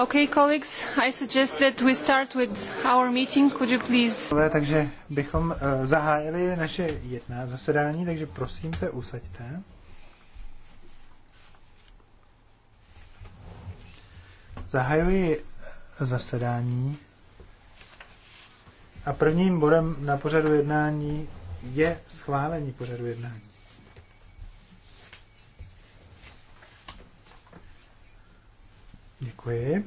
Okay, colleagues, I suggest that we start with our meeting. Could you please... Takže bychom eh, zahájili naše jedná zasedání, takže prosím se usaďte. Zahajuji eh, zasedání a prvním bodem na pořadu jednání je schválení pořadu jednání. Děkuji.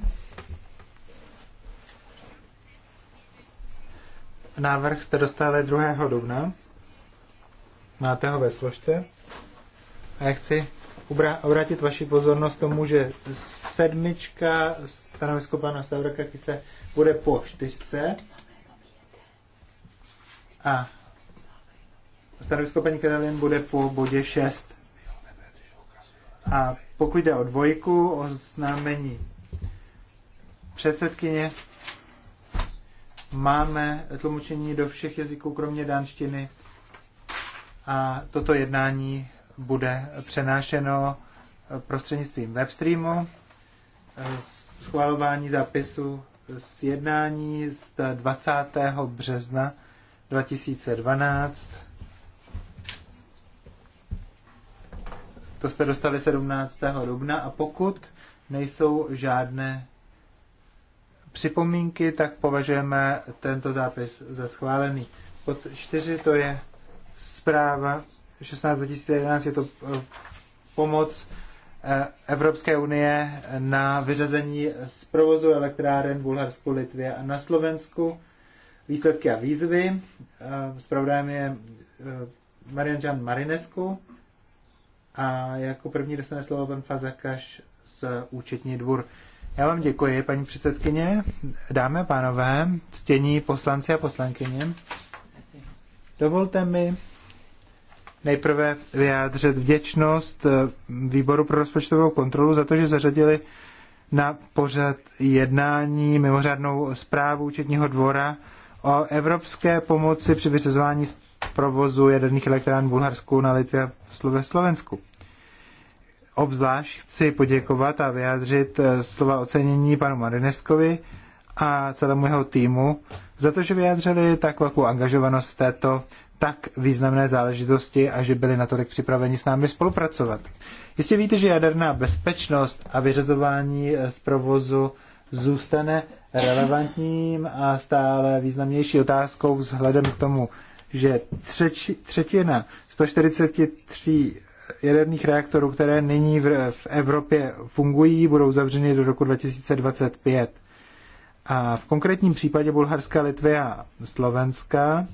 Návrh jste dostali 2. dubna. Máte ho ve složce. A já chci obrátit vaši pozornost tomu, že sedmička stanovisko pana Stavroka Kice bude po čtyřce. A stanovisko paní Katalin bude po bodě 6. A pokud jde o dvojku, o známení předsedkyně, máme tlumočení do všech jazyků, kromě dánštiny. A toto jednání bude přenášeno prostřednictvím webstreamu. Schvalování zápisu z jednání z 20. března 2012 To jste dostali 17. dubna a pokud nejsou žádné připomínky, tak považujeme tento zápis za schválený. Pod 4 to je zpráva 16 je to eh, pomoc eh, Evropské unie na vyřazení z provozu elektráren v Bulharsku, Litvě a na Slovensku. Výsledky a výzvy. Eh, zpravodajem je Marian Jan Marinescu. A jako první dostane slovo pan Fazakaš z účetní dvůr. Já vám děkuji, paní předsedkyně, dámy a pánové, ctění poslanci a poslankyně. Dovolte mi nejprve vyjádřit vděčnost eh, Výboru pro rozpočtovou kontrolu za to, že zařadili na pořad jednání mimořádnou zprávu účetního dvora o evropské pomoci při vysazování provozu jaderných elektrán v Bulharsku, na Litvě a ve Slovensku. Obzvlášť chci poděkovat a vyjádřit eh, slova ocenění panu Marineskovi a celému jeho týmu za to, že vyjádřili tak velkou angažovanost této tak významné záležitosti a že byli natolik připraveni s námi spolupracovat. Jistě víte, že jaderná bezpečnost a vyřazování eh, z provozu zůstane relevantním a stále významnější otázkou vzhledem k tomu, že třeči, třetina 143 jaderných reaktorů, které nyní v, v Evropě fungují, budou zavřeny do roku 2025. A v konkrétním případě Bulharska, Litvy a Slovenska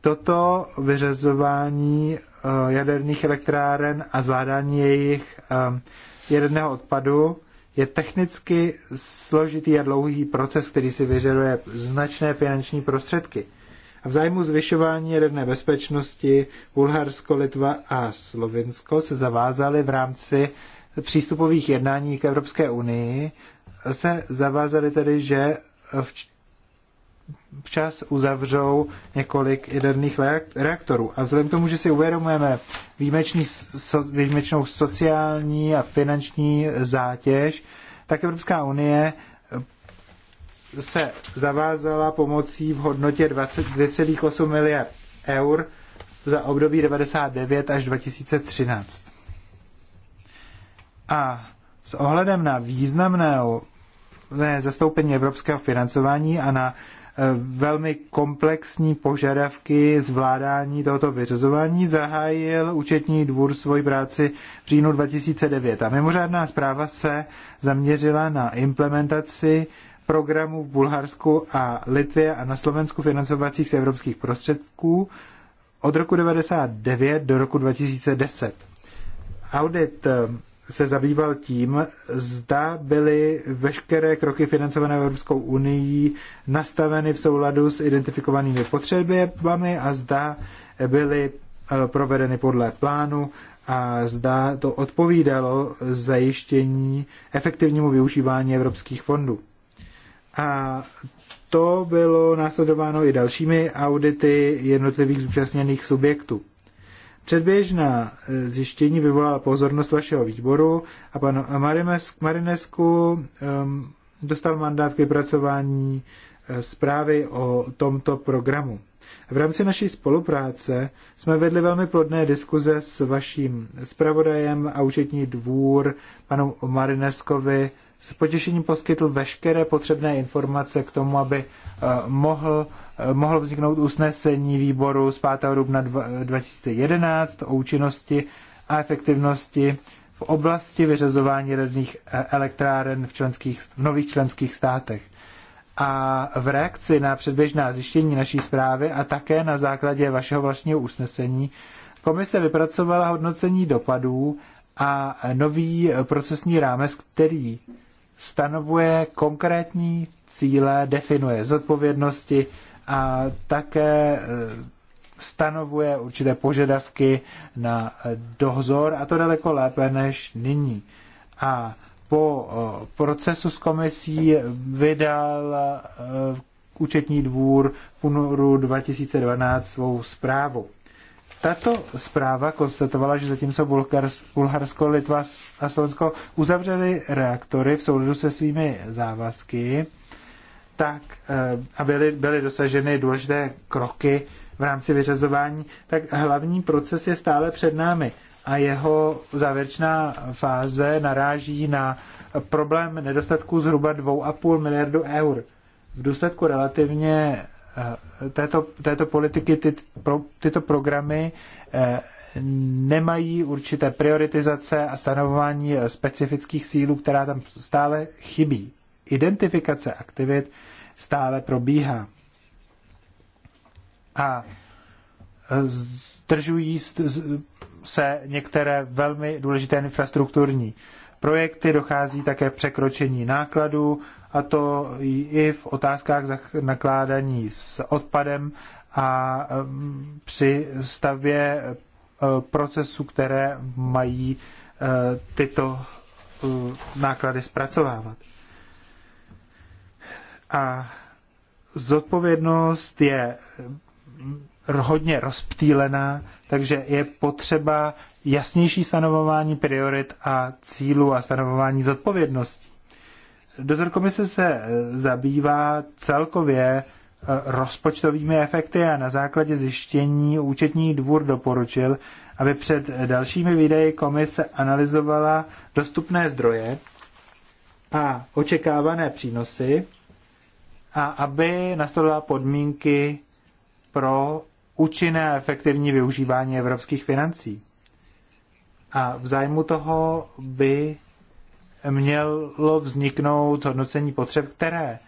toto vyřazování eh, jaderných elektráren a zvládání jejich eh, jaderného odpadu je technicky složitý a dlouhý proces, který si vyžaduje značné finanční prostředky. A v zájmu zvyšování jaderné bezpečnosti Bulharsko, Litva a Slovinsko se zavázaly v rámci přístupových jednání k Evropské unii, se zavázaly tedy, že včas uzavřou několik jaderných reaktorů. A vzhledem k tomu, že si uvědomujeme výjimečný, so, výjimečnou sociální a finanční zátěž, tak Evropská unie se zavázala pomocí v hodnotě 2,8 miliard eur za období 99 až 2013. A s ohledem na významné zastoupení evropského financování a na e, velmi komplexní požadavky zvládání tohoto vyřazování zahájil účetní dvůr svoji práci v říjnu 2009. A mimořádná zpráva se zaměřila na implementaci programů v Bulharsku a Litvě a na Slovensku financovacích z evropských prostředků od roku 1999 do roku 2010. Audit eh, se zabýval tím, zda byly veškeré kroky financované Evropskou unii nastaveny v souladu s identifikovanými potřebami a zda byly eh, provedeny podle plánu a zda to odpovídalo zajištění efektivnímu využívání evropských fondů. A to bylo následováno i dalšími audity jednotlivých zúčastněných subjektů. Předběžná e, zjištění vyvolala pozornost vašeho výboru a pan Marinesku dostal mandát k vypracování e, zprávy o tomto programu. V rámci naší spolupráce jsme vedli velmi plodné diskuze s vaším zpravodajem a účetní dvůr panu Marineskovi s potěšením poskytl veškeré potřebné informace k tomu, aby eh, mohl, eh, mohl vzniknout usnesení výboru z 5. dubna 2011 o účinnosti a efektivnosti v oblasti vyřazování radných eh, elektráren v, členských, v nových členských státech. A v reakci na předběžná zjištění naší zprávy a také na základě vašeho vlastního usnesení komise vypracovala hodnocení dopadů a nový procesní rámec, který stanovuje konkrétní cíle, definuje zodpovědnosti a také eh, stanovuje určité požadavky na eh, dozor a to daleko lépe než nyní. A po eh, procesu s komisí vydal účetní dvůr v únoru 2012 svou zprávu. Tato zpráva konstatovala, že zatímco Bulharsko, Litva a Slovensko uzavřeli reaktory v souladu se svými závazky, tak eh, a byly, byly dosaženy důležité kroky v rámci vyřazování, tak hlavní proces je stále před námi a jeho závěrečná fáze naráží na problém nedostatku zhruba 2,5 miliardu eur. V důsledku relativně Eh, této, této politiky, ty, pro, tyto programy eh, nemají určité prioritizace a stanovování eh, specifických sílů, která tam stále chybí. Identifikace aktivit stále probíhá. A zdržují se některé velmi důležité infrastrukturní projekty, dochází také k překročení nákladů, a to i v otázkách nakládání s odpadem a mm, při stavbě e, procesů, které mají e, tyto e, náklady zpracovávat. A zodpovědnost je hodně rozptýlená, takže je potřeba jasnější stanovování priorit a cílů a stanovování zodpovědností. Dozor komise se e, zabývá celkově e, rozpočtovými efekty a na základě zjištění účetní dvůr doporučil, aby před dalšími výdaji komise analyzovala dostupné zdroje a očekávané přínosy a aby nastavila podmínky pro účinné a efektivní využívání evropských financí. A v zájmu toho by mělo vzniknout hodnocení potřeb, které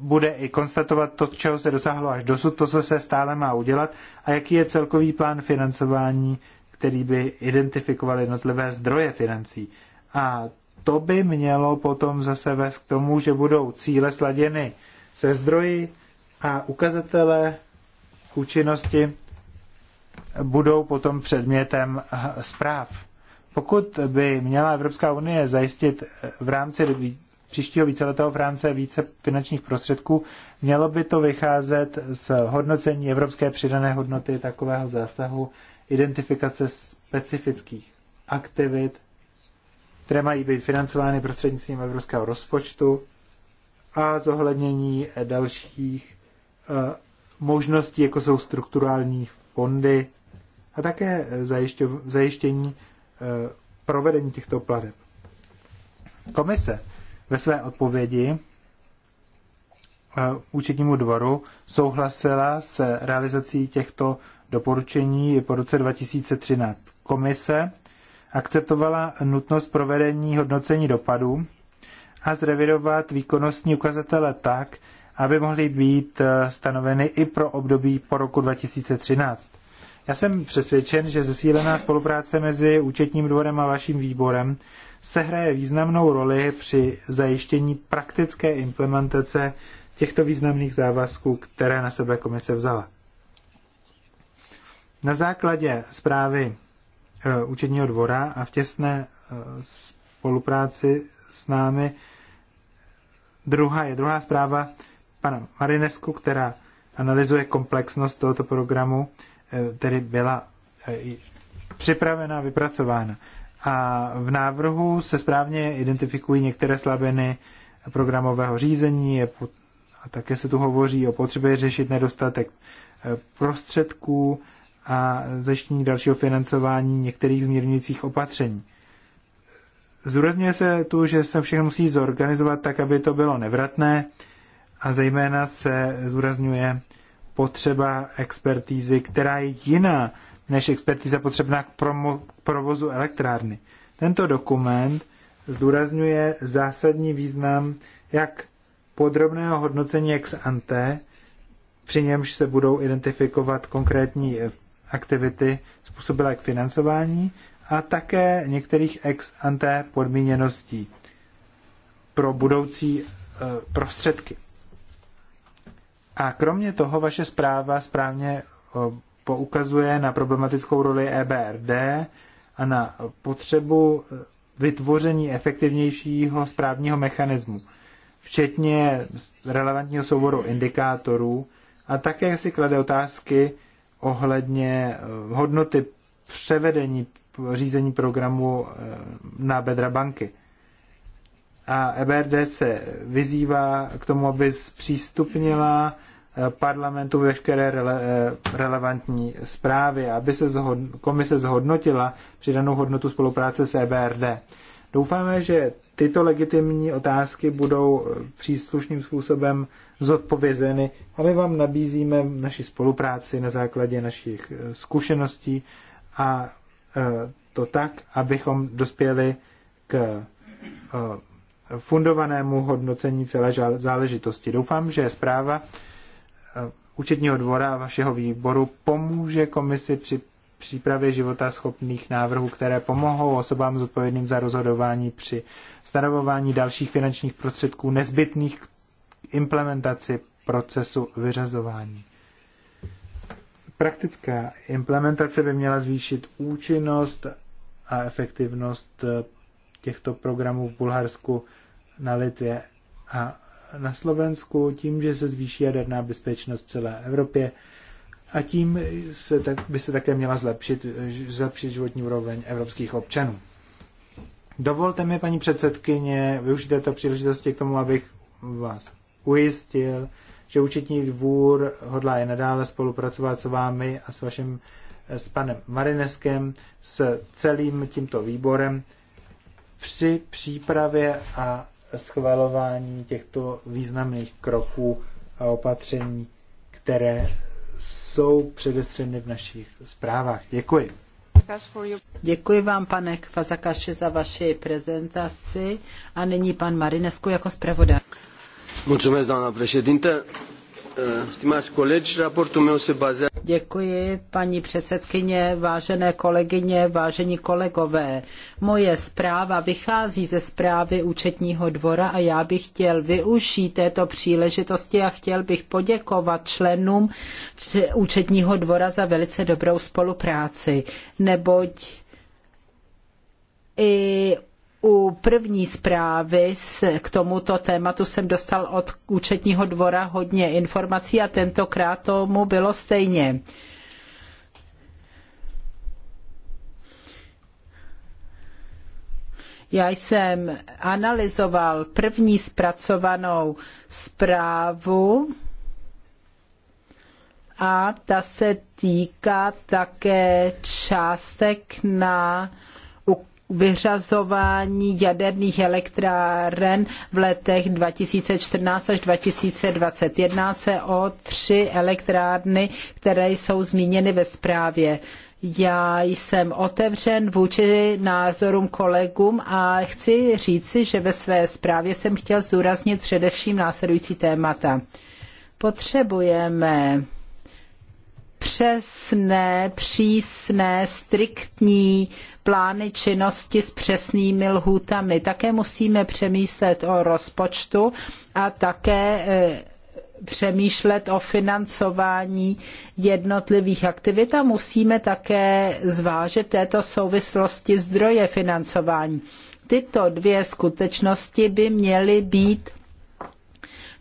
bude i konstatovat to, čeho se dosáhlo až dosud, to, co se stále má udělat a jaký je celkový plán financování, který by identifikoval jednotlivé zdroje financí. A to by mělo potom zase vést k tomu, že budou cíle sladěny se zdroji a ukazatele účinnosti budou potom předmětem zpráv. Pokud by měla Evropská unie zajistit eh, v rámci příštího víceletého rámci více finančních prostředků, mělo by to vycházet z hodnocení evropské přidané hodnoty takového zásahu, identifikace specifických aktivit, které mají být financovány prostřednictvím evropského rozpočtu a zohlednění dalších eh, možností, jako jsou strukturální fondy a také zajištění eh, provedení těchto pladeb. Komise ve své odpovědi eh, účetnímu dvoru souhlasila s realizací těchto doporučení po roce 2013. Komise akceptovala nutnost provedení hodnocení dopadů a zrevidovat výkonnostní ukazatele tak, aby mohly být eh, stanoveny i pro období po roku 2013. Já jsem přesvědčen, že zesílená spolupráce mezi účetním dvorem a vaším výborem sehraje významnou roli při zajištění praktické implementace těchto významných závazků, které na sebe komise vzala. Na základě zprávy eh, účetního dvora a v těsné eh, spolupráci s námi druhá je druhá zpráva, pana Marinesku, která analyzuje komplexnost tohoto programu, eh, tedy byla eh, připravena, vypracována. A v návrhu se správně identifikují některé slabiny programového řízení a také se tu hovoří o potřebě řešit nedostatek eh, prostředků a zajištění dalšího financování některých zmírňujících opatření. Zúrazňuje se tu, že se všechno musí zorganizovat tak, aby to bylo nevratné, a zejména se zúrazňuje potřeba expertízy, která je jiná než expertíza potřebná k, promo, k provozu elektrárny. Tento dokument zdůrazňuje zásadní význam jak podrobného hodnocení ex ante, při němž se budou identifikovat konkrétní eh, aktivity způsobilé k financování a také některých ex ante podmíněností pro budoucí eh, prostředky. A kromě toho vaše zpráva správně eh, poukazuje na problematickou roli EBRD a na potřebu eh, vytvoření efektivnějšího správního mechanismu, včetně relevantního souboru indikátorů a také si klade otázky ohledně eh, hodnoty převedení řízení programu na bedra banky. A EBRD se vyzývá k tomu, aby zpřístupnila parlamentu veškeré rele, eh, relevantní zprávy, aby se zhod, komise zhodnotila přidanou hodnotu spolupráce s EBRD. Doufáme, že tyto legitimní otázky budou eh, příslušným způsobem zodpovězeny a my vám nabízíme naši spolupráci na základě našich eh, zkušeností a to tak, abychom dospěli k fundovanému hodnocení celé záležitosti. Doufám, že zpráva Eh, účetního dvora a vašeho výboru pomůže komisi při přípravě života schopných návrhů, které pomohou osobám zodpovědným za rozhodování při stanovování dalších finančních prostředků nezbytných k implementaci procesu vyřazování. Praktická implementace by měla zvýšit účinnost a efektivnost eh, těchto programů v Bulharsku, na Litvě a na Slovensku tím, že se zvýší jaderná bezpečnost v celé Evropě a tím se tak, by se také měla zlepšit, zlepšit životní úroveň evropských občanů. Dovolte mi, paní předsedkyně, využít této příležitosti k tomu, abych vás ujistil, že účetní dvůr hodlá je nadále spolupracovat s vámi a s vaším s panem Marineskem, s celým tímto výborem při přípravě a schvalování těchto významných kroků a opatření, které jsou předestřeny v našich zprávách. Děkuji. Děkuji vám, pane Kvazakaše, za vaši prezentaci. A nyní pan Marinescu jako zpravodaj. Mulțumesc, doamna președinte. Stimați colegi, raportul meu se bazează Děkuji, paní předsedkyně, vážené kolegyně, vážení kolegové. Moje zpráva vychází ze zprávy účetního dvora a já bych chtěl využít této příležitosti a chtěl bych poděkovat členům účetního dvora za velice dobrou spolupráci, neboť i u první zprávy k tomuto tématu jsem dostal od účetního dvora hodně informací a tentokrát tomu bylo stejně. Já jsem analyzoval první zpracovanou zprávu a ta se týká také částek na uh, vyřazování jaderných elektráren v letech 2014 až 2021 se o tři elektrárny, které jsou zmíněny ve zprávě. Já jsem otevřen vůči názorům kolegům a chci říci, že ve své zprávě jsem chtěl zdůraznit především následující témata. Potřebujeme přesné, přísné, striktní plány činnosti s přesnými lhůtami. Také musíme přemýšlet o rozpočtu a také e, přemýšlet o financování jednotlivých aktivit a musíme také zvážit této souvislosti zdroje financování. Tyto dvě skutečnosti by měly být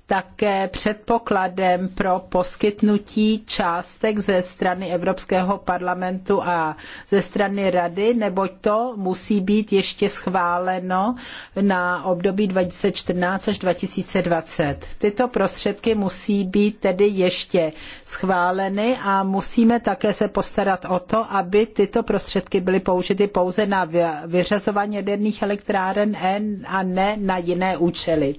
také předpokladem pro poskytnutí částek ze strany Evropského parlamentu a ze strany Rady, neboť to musí být ještě schváleno na období 2014 až 2020. Tyto prostředky musí být tedy ještě schváleny a musíme také se postarat o to, aby tyto prostředky byly použity pouze na vyřazování jaderných elektráren a ne na jiné účely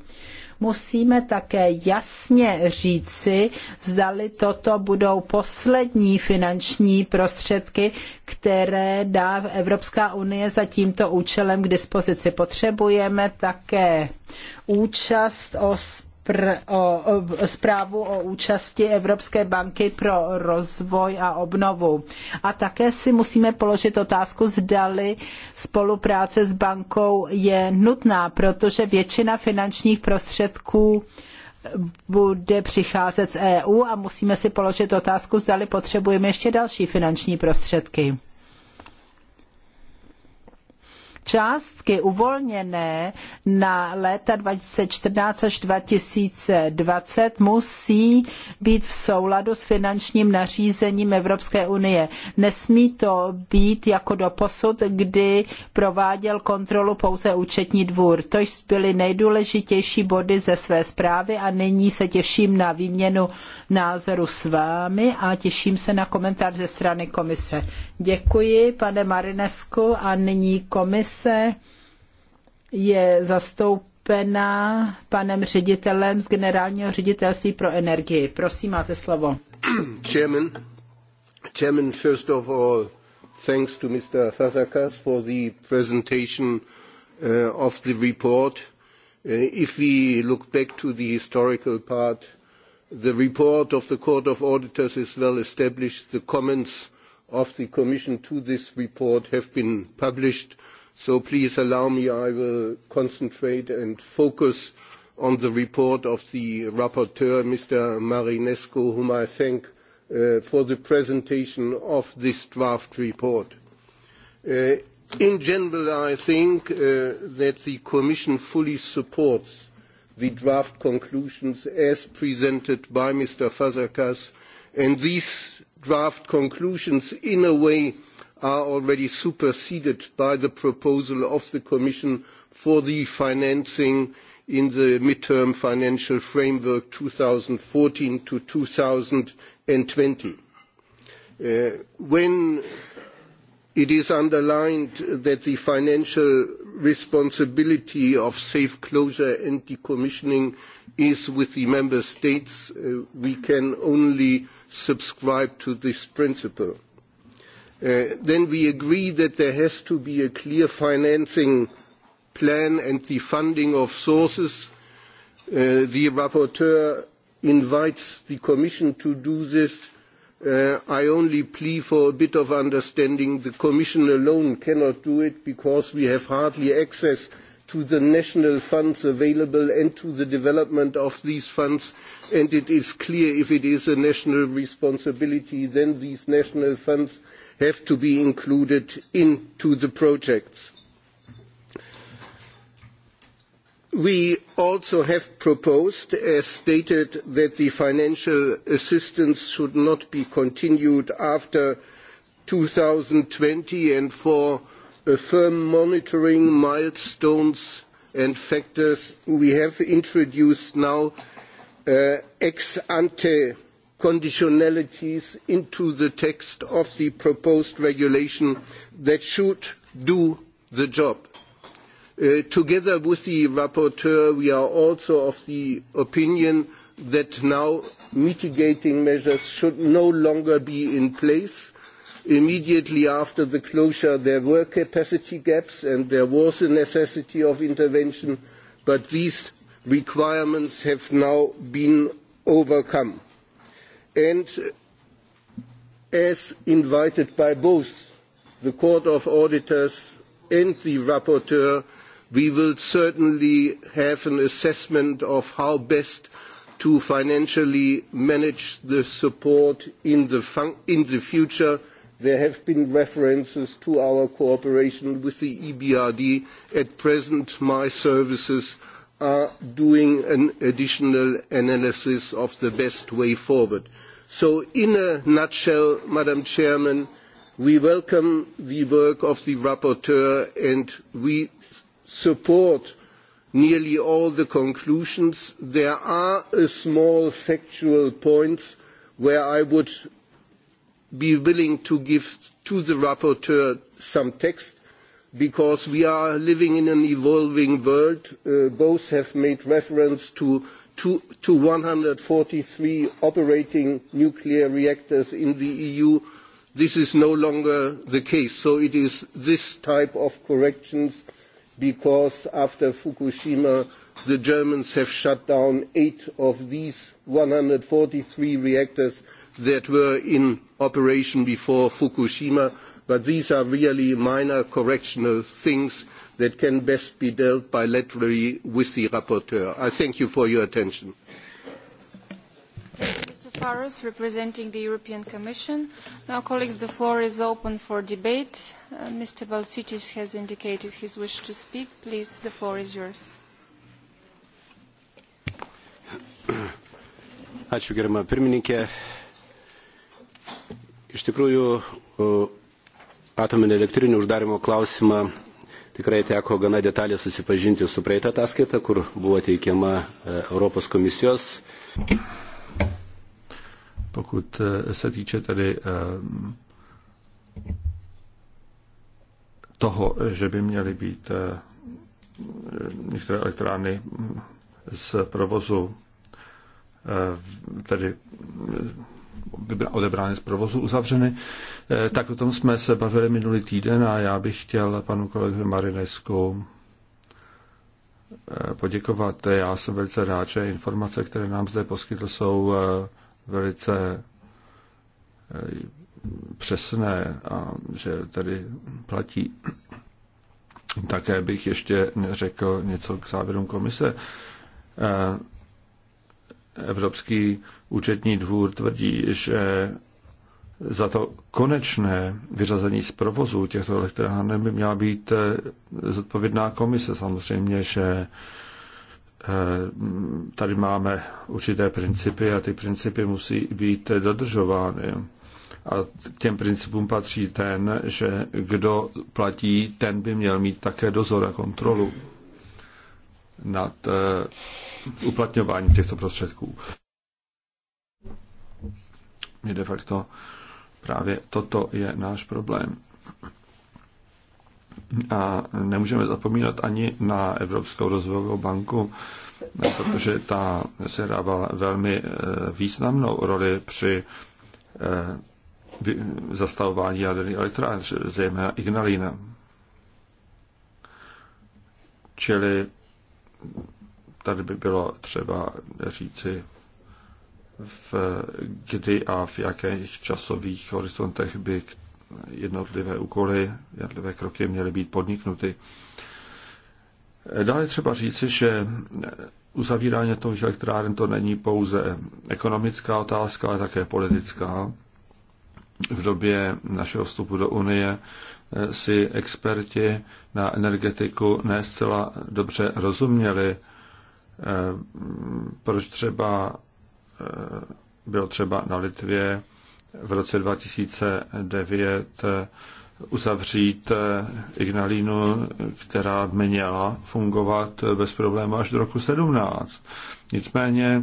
musíme také jasně říci, zdali toto budou poslední finanční prostředky, které dá Evropská unie za tímto účelem k dispozici. Potřebujeme také účast os pr- o, o, zprávu o účasti Evropské banky pro rozvoj a obnovu. A také si musíme položit otázku, zdali spolupráce s bankou je nutná, protože většina finančních prostředků bude přicházet z EU a musíme si položit otázku, zdali potřebujeme ještě další finanční prostředky částky uvolněné na léta 2014 až 2020 musí být v souladu s finančním nařízením Evropské unie. Nesmí to být jako doposud, kdy prováděl kontrolu pouze účetní dvůr. To byly nejdůležitější body ze své zprávy a nyní se těším na výměnu názoru s vámi a těším se na komentář ze strany komise. Děkuji, pane Marinesku, a nyní komise komise je zastoupena panem ředitelem z generálního ředitelství pro energii. Prosím, máte slovo. Chairman, Chairman first of all, thanks to Mr. Fazakas for the presentation uh, of the report. Uh, if we look back to the historical part, the report of the Court of Auditors is well established. The comments of the Commission to this report have been published. So please allow me, I will concentrate and focus on the report of the rapporteur, Mr. Marinescu, whom I thank uh, for the presentation of this draft report. Uh, in general, I think uh, that the Commission fully supports the draft conclusions as presented by Mr. Fazakas, and these draft conclusions, in a way, are already superseded by the proposal of the Commission for the financing in the midterm financial framework 2014 to 2020. Uh, when it is underlined that the financial responsibility of safe closure and decommissioning is with the member states, uh, we can only subscribe to this principle. Uh, then we agree that there has to be a clear financing plan and the funding of sources. Uh, the rapporteur invites the Commission to do this. Uh, I only plea for a bit of understanding. The Commission alone cannot do it because we have hardly access to the national funds available and to the development of these funds. And it is clear if it is a national responsibility, then these national funds have to be included into the projects. We also have proposed, as stated, that the financial assistance should not be continued after 2020 and for uh, firm monitoring milestones and factors, we have introduced now uh, ex ante conditionalities into the text of the proposed regulation that should do the job. Uh, together with the rapporteur, we are also of the opinion that now mitigating measures should no longer be in place. Immediately after the closure, there were capacity gaps and there was a necessity of intervention, but these requirements have now been overcome and as invited by both the Court of Auditors and the Rapporteur, we will certainly have an assessment of how best to financially manage the support in the, in the future. There have been references to our cooperation with the EBRD. At present, my services are doing an additional analysis of the best way forward. So in a nutshell, Madam Chairman, we welcome the work of the rapporteur and we support nearly all the conclusions. There are a small factual points where I would be willing to give to the rapporteur some text because we are living in an evolving world. Uh, both have made reference to to, to 143 operating nuclear reactors in the EU. This is no longer the case. So it is this type of corrections because after Fukushima, the Germans have shut down eight of these 143 reactors that were in operation before Fukushima. But these are really minor correctional things that can best be dealt bilaterally with the rapporteur. I thank you for your attention. Mr. Faros, representing the European Commission. Now, colleagues, the floor is open for debate. Uh, Mr. Balsitis has indicated his wish to speak. Please, the floor is yours. Ačiū, gerama pirmininkė. Iš tikrųjų, atominio elektrinio uždarimo klausimą Tikrai teko gana detalė susipažinti su praeitą ataskaitą, kur buvo teikiama e, Europos komisijos. Pokud e, se týče tedy e, toho, že by měly být některé elektrárny z provozu tedy odebrány z provozu, uzavřeny. Eh, tak o tom jsme se bavili minulý týden a já bych chtěl panu kolegovi Marinesku eh, poděkovat. Já jsem velice rád, že informace, které nám zde poskytl, jsou eh, velice přesné a že tedy platí. Také bych ještě řekl něco k závěrům komise. Evropský účetní dvůr tvrdí, že za to konečné vyřazení z provozu těchto elektráren by měla být eh, zodpovědná komise. Samozřejmě, že eh, tady máme určité principy a ty principy musí být dodržovány. A k těm principům patří ten, že kdo platí, ten by měl mít také dozor a kontrolu nad eh, uplatňováním těchto prostředků. Je de facto právě toto je náš problém. A nemůžeme zapomínat ani na Evropskou rozvojovou banku, protože ta se dávala velmi eh, významnou roli při eh, zastavování jaderných elektrárny, zejména Ignalina. Čili tady by bylo třeba říci, v, kdy a v jakých časových horizontech by jednotlivé úkoly, jednotlivé kroky měly být podniknuty. Dále třeba říci, že uzavírání atomových elektráren to není pouze ekonomická otázka, ale také politická. V době našeho vstupu do Unie si experti na energetiku ne zcela dobře rozuměli, eh, proč třeba eh, byl třeba na Litvě v roce 2009 eh, uzavřít Ignalínu, která měla fungovat bez problémů až do roku 17. Nicméně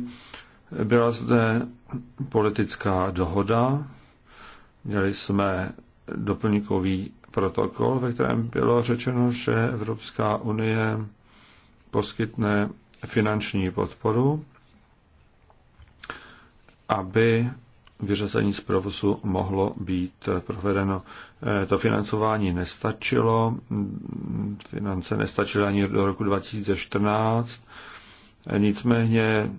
byla zde politická dohoda, měli jsme doplňkový protokol, ve kterém bylo řečeno, že Evropská unie poskytne finanční podporu, aby vyřazení z provozu mohlo být provedeno. Eh, to financování nestačilo, finance nestačily ani do roku 2014, eh, nicméně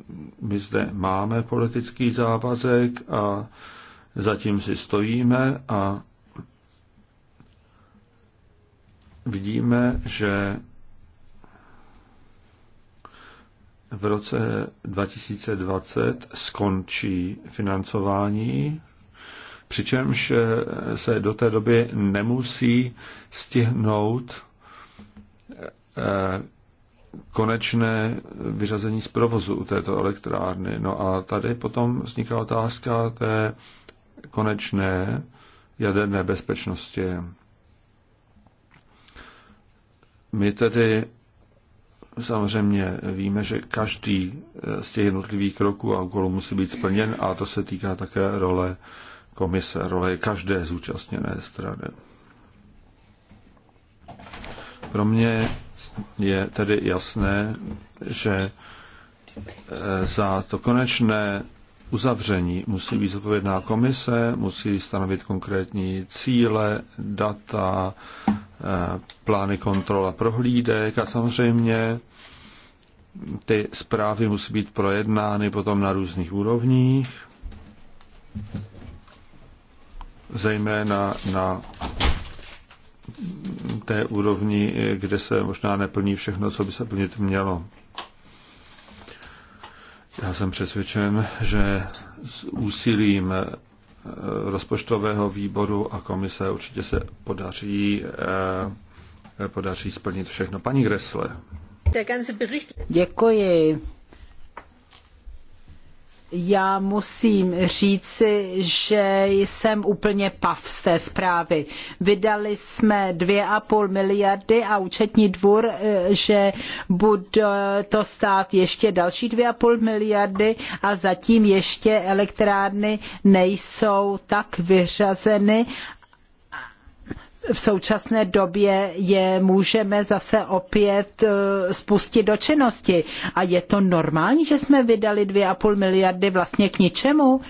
my zde máme politický závazek a zatím si stojíme a vidíme, že v roce 2020 skončí financování, přičemž se do té doby nemusí stihnout eh, konečné vyřazení z provozu této elektrárny. No a tady potom vzniká otázka té konečné jaderné bezpečnosti. My tedy samozřejmě víme, že každý eh, z těch jednotlivých kroků a úkolů musí být splněn a to se týká také role komise, role každé zúčastněné strany. Pro mě je tedy jasné, že eh, za to konečné uzavření. Musí být zodpovědná komise, musí stanovit konkrétní cíle, data, eh, plány kontrola prohlídek a samozřejmě ty zprávy musí být projednány potom na různých úrovních, zejména na té úrovni, eh, kde se možná neplní všechno, co by se plnit mělo. Já jsem přesvědčen, že s úsilím eh, rozpočtového výboru a komise určitě se podaří, eh, podaří splnit všechno. Paní Gressle. Děkuji já musím říci, že jsem úplně pav z té zprávy. Vydali jsme 2,5 miliardy a účetní dvůr, eh, že bude to stát ještě další 2,5 miliardy a zatím ještě elektrárny nejsou tak vyřazeny v současné době je můžeme zase opět e, spustit do činnosti. A je to normální, že jsme vydali 2,5 miliardy vlastně k ničemu?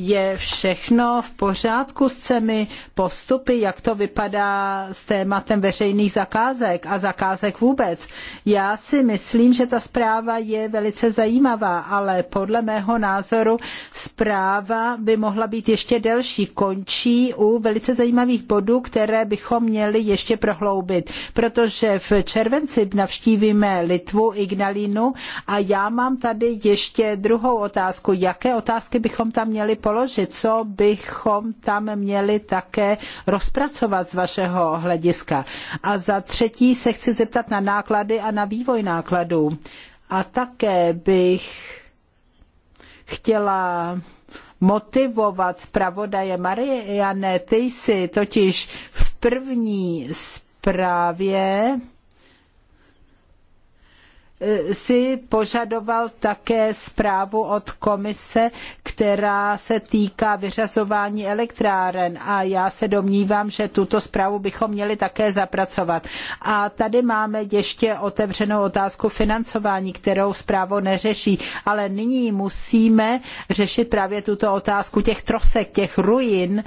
Je všechno v pořádku s cemi postupy, jak to vypadá s tématem veřejných zakázek a zakázek vůbec? Já si myslím, že ta zpráva je velice zajímavá, ale podle mého názoru zpráva by mohla být ještě delší. Končí u velice zajímavých bodů, které bychom měli ještě prohloubit, protože v červenci navštívíme Litvu, Ignalinu a já mám tady ještě druhou otázku. Jaké otázky bychom tam měli měli položit, co bychom tam měli také rozpracovat z vašeho hlediska. A za třetí se chci zeptat na náklady a na vývoj nákladů. A také bych chtěla motivovat zpravodaje Marianne Tejsi, totiž v první zprávě Eh, si požadoval také zprávu od komise, která se týká vyřazování elektráren a já se domnívám, že tuto zprávu bychom měli také zapracovat. A tady máme ještě otevřenou otázku financování, kterou zprávo neřeší, ale nyní musíme řešit právě tuto otázku těch trosek, těch ruin,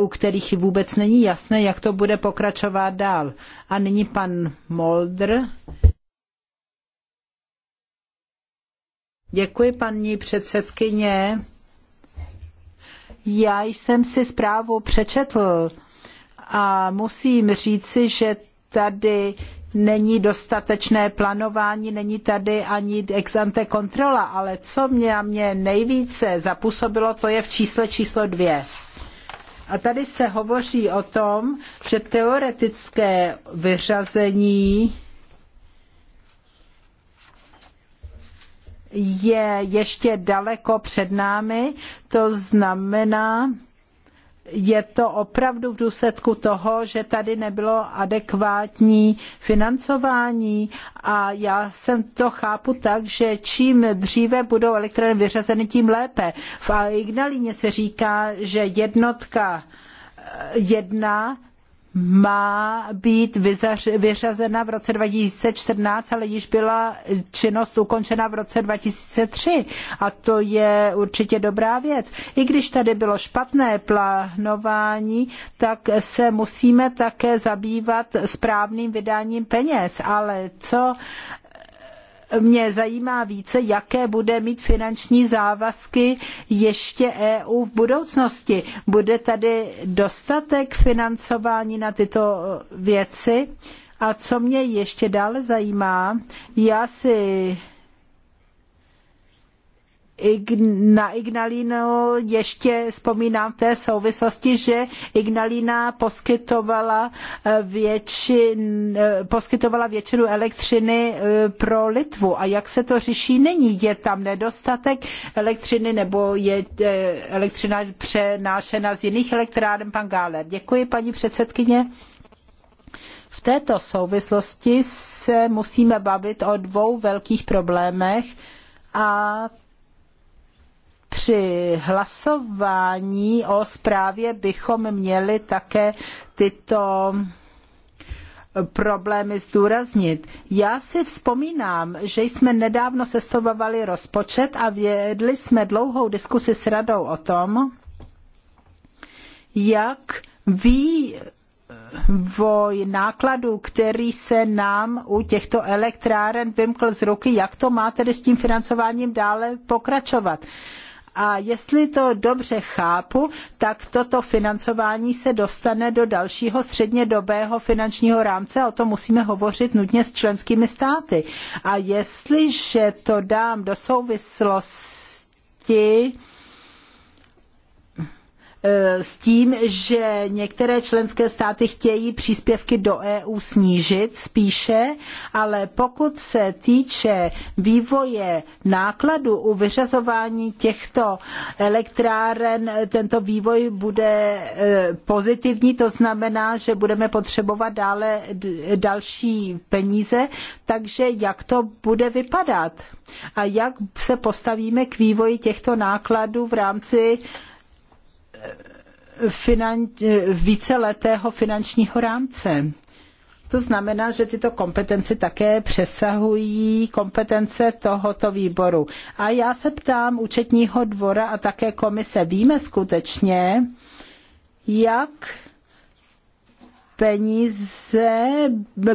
u kterých vůbec není jasné, jak to bude pokračovat dál. A nyní pan Moldr. Děkuji, paní předsedkyně. Já jsem si zprávu přečetl a musím říci, že tady není dostatečné plánování, není tady ani ex ante kontrola, ale co mě a mě nejvíce zapůsobilo, to je v čísle číslo dvě. A tady se hovoří o tom, že teoretické vyřazení je ještě daleko před námi, to znamená, je to opravdu v důsledku toho, že tady nebylo adekvátní financování a já jsem to chápu tak, že čím dříve budou elektrárny vyřazeny, tím lépe. V Ignalíně se říká, že jednotka jedna má být vyřazena v roce 2014, ale již byla činnost ukončena v roce 2003 a to je určitě dobrá věc. I když tady bylo špatné plánování, tak se musíme také zabývat správným vydáním peněz, ale co mě zajímá více, jaké bude mít finanční závazky ještě EU v budoucnosti. Bude tady dostatek financování na tyto věci? A co mě ještě dále zajímá, já si na Ignalinu ještě vzpomínám v té souvislosti, že Ignalina poskytovala, eh, většin, eh, poskytovala většinu elektřiny eh, pro Litvu. A jak se to řeší nyní? Je tam nedostatek elektřiny nebo je elektřina přenášena z jiných elektráren? Pan Gáler. Děkuji, paní předsedkyně. V této souvislosti se musíme bavit o dvou velkých problémech a při hlasování o zprávě bychom měli také tyto problémy zdůraznit. Já si vzpomínám, že jsme nedávno sestavovali rozpočet a vedli jsme dlouhou diskusi s radou o tom, jak vývoj nákladů, který se nám u těchto elektráren vymkl z ruky, jak to má tedy s tím financováním dále pokračovat a jestli to dobře chápu, tak toto financování se dostane do dalšího střednědobého finančního rámce, o tom musíme hovořit nutně s členskými státy. A jestliže to dám do souvislosti E, s tím, že některé členské státy chtějí příspěvky do EU snížit spíše, ale pokud se týče vývoje nákladu u vyřazování těchto elektráren, tento vývoj bude e, pozitivní, to znamená, že budeme potřebovat dále další peníze, takže jak to bude vypadat a jak se postavíme k vývoji těchto nákladů v rámci finan, víceletého finančního rámce. To znamená, že tyto kompetence také přesahují kompetence tohoto výboru. A já se ptám účetního dvora a také komise, víme skutečně, jak peníze,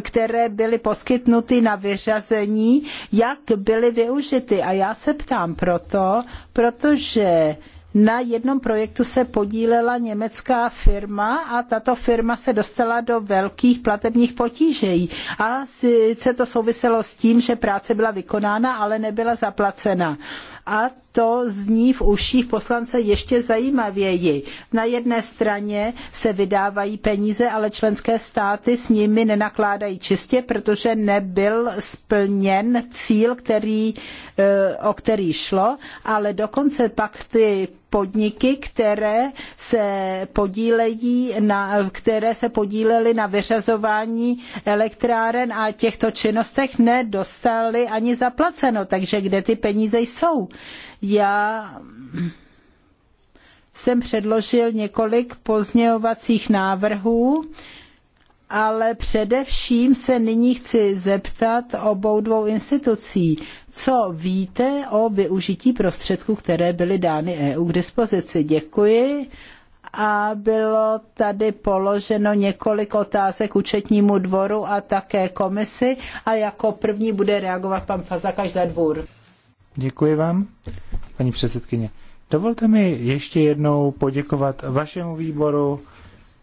které byly poskytnuty na vyřazení, jak byly využity. A já se ptám proto, protože na jednom projektu se podílela německá firma a tato firma se dostala do velkých platebních potíží. A sice to souviselo s tím, že práce byla vykonána, ale nebyla zaplacena. A to zní v uších poslance ještě zajímavěji. Na jedné straně se vydávají peníze, ale členské státy s nimi nenakládají čistě, protože nebyl splněn cíl, který, eh, o který šlo, ale dokonce pak ty podniky, které se podílejí na, které se podílely na vyřazování elektráren a těchto činnostech nedostali ani zaplaceno. Takže kde ty peníze jsou? Já jsem předložil několik pozměňovacích návrhů, ale především se nyní chci zeptat obou dvou institucí, co víte o využití prostředků, které byly dány EU k dispozici. Děkuji a bylo tady položeno několik otázek účetnímu dvoru a také komisi a jako první bude reagovat pan Fazakaš za dvůr. Děkuji vám, paní předsedkyně. Dovolte mi ještě jednou poděkovat vašemu výboru,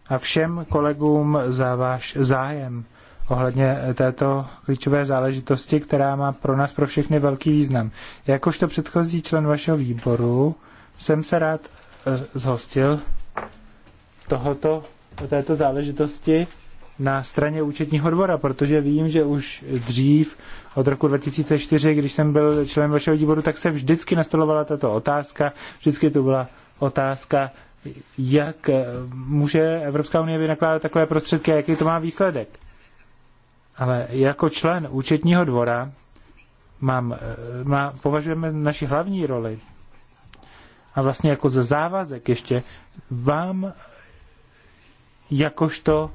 a všem kolegům za váš zájem ohledně této klíčové záležitosti, která má pro nás pro všechny velký význam. Jakožto předchozí člen vašeho výboru jsem se rád e, zhostil tohoto, této záležitosti na straně účetního dvora, protože vím, že už dřív od roku 2004, když jsem byl členem vašeho výboru, tak se vždycky nastolovala tato otázka, vždycky to byla otázka jak eh, může Evropská unie vynakládat takové prostředky a jaký to má výsledek. Ale jako člen účetního dvora mám, eh, má, považujeme naši hlavní roli a vlastně jako za závazek ještě vám jakožto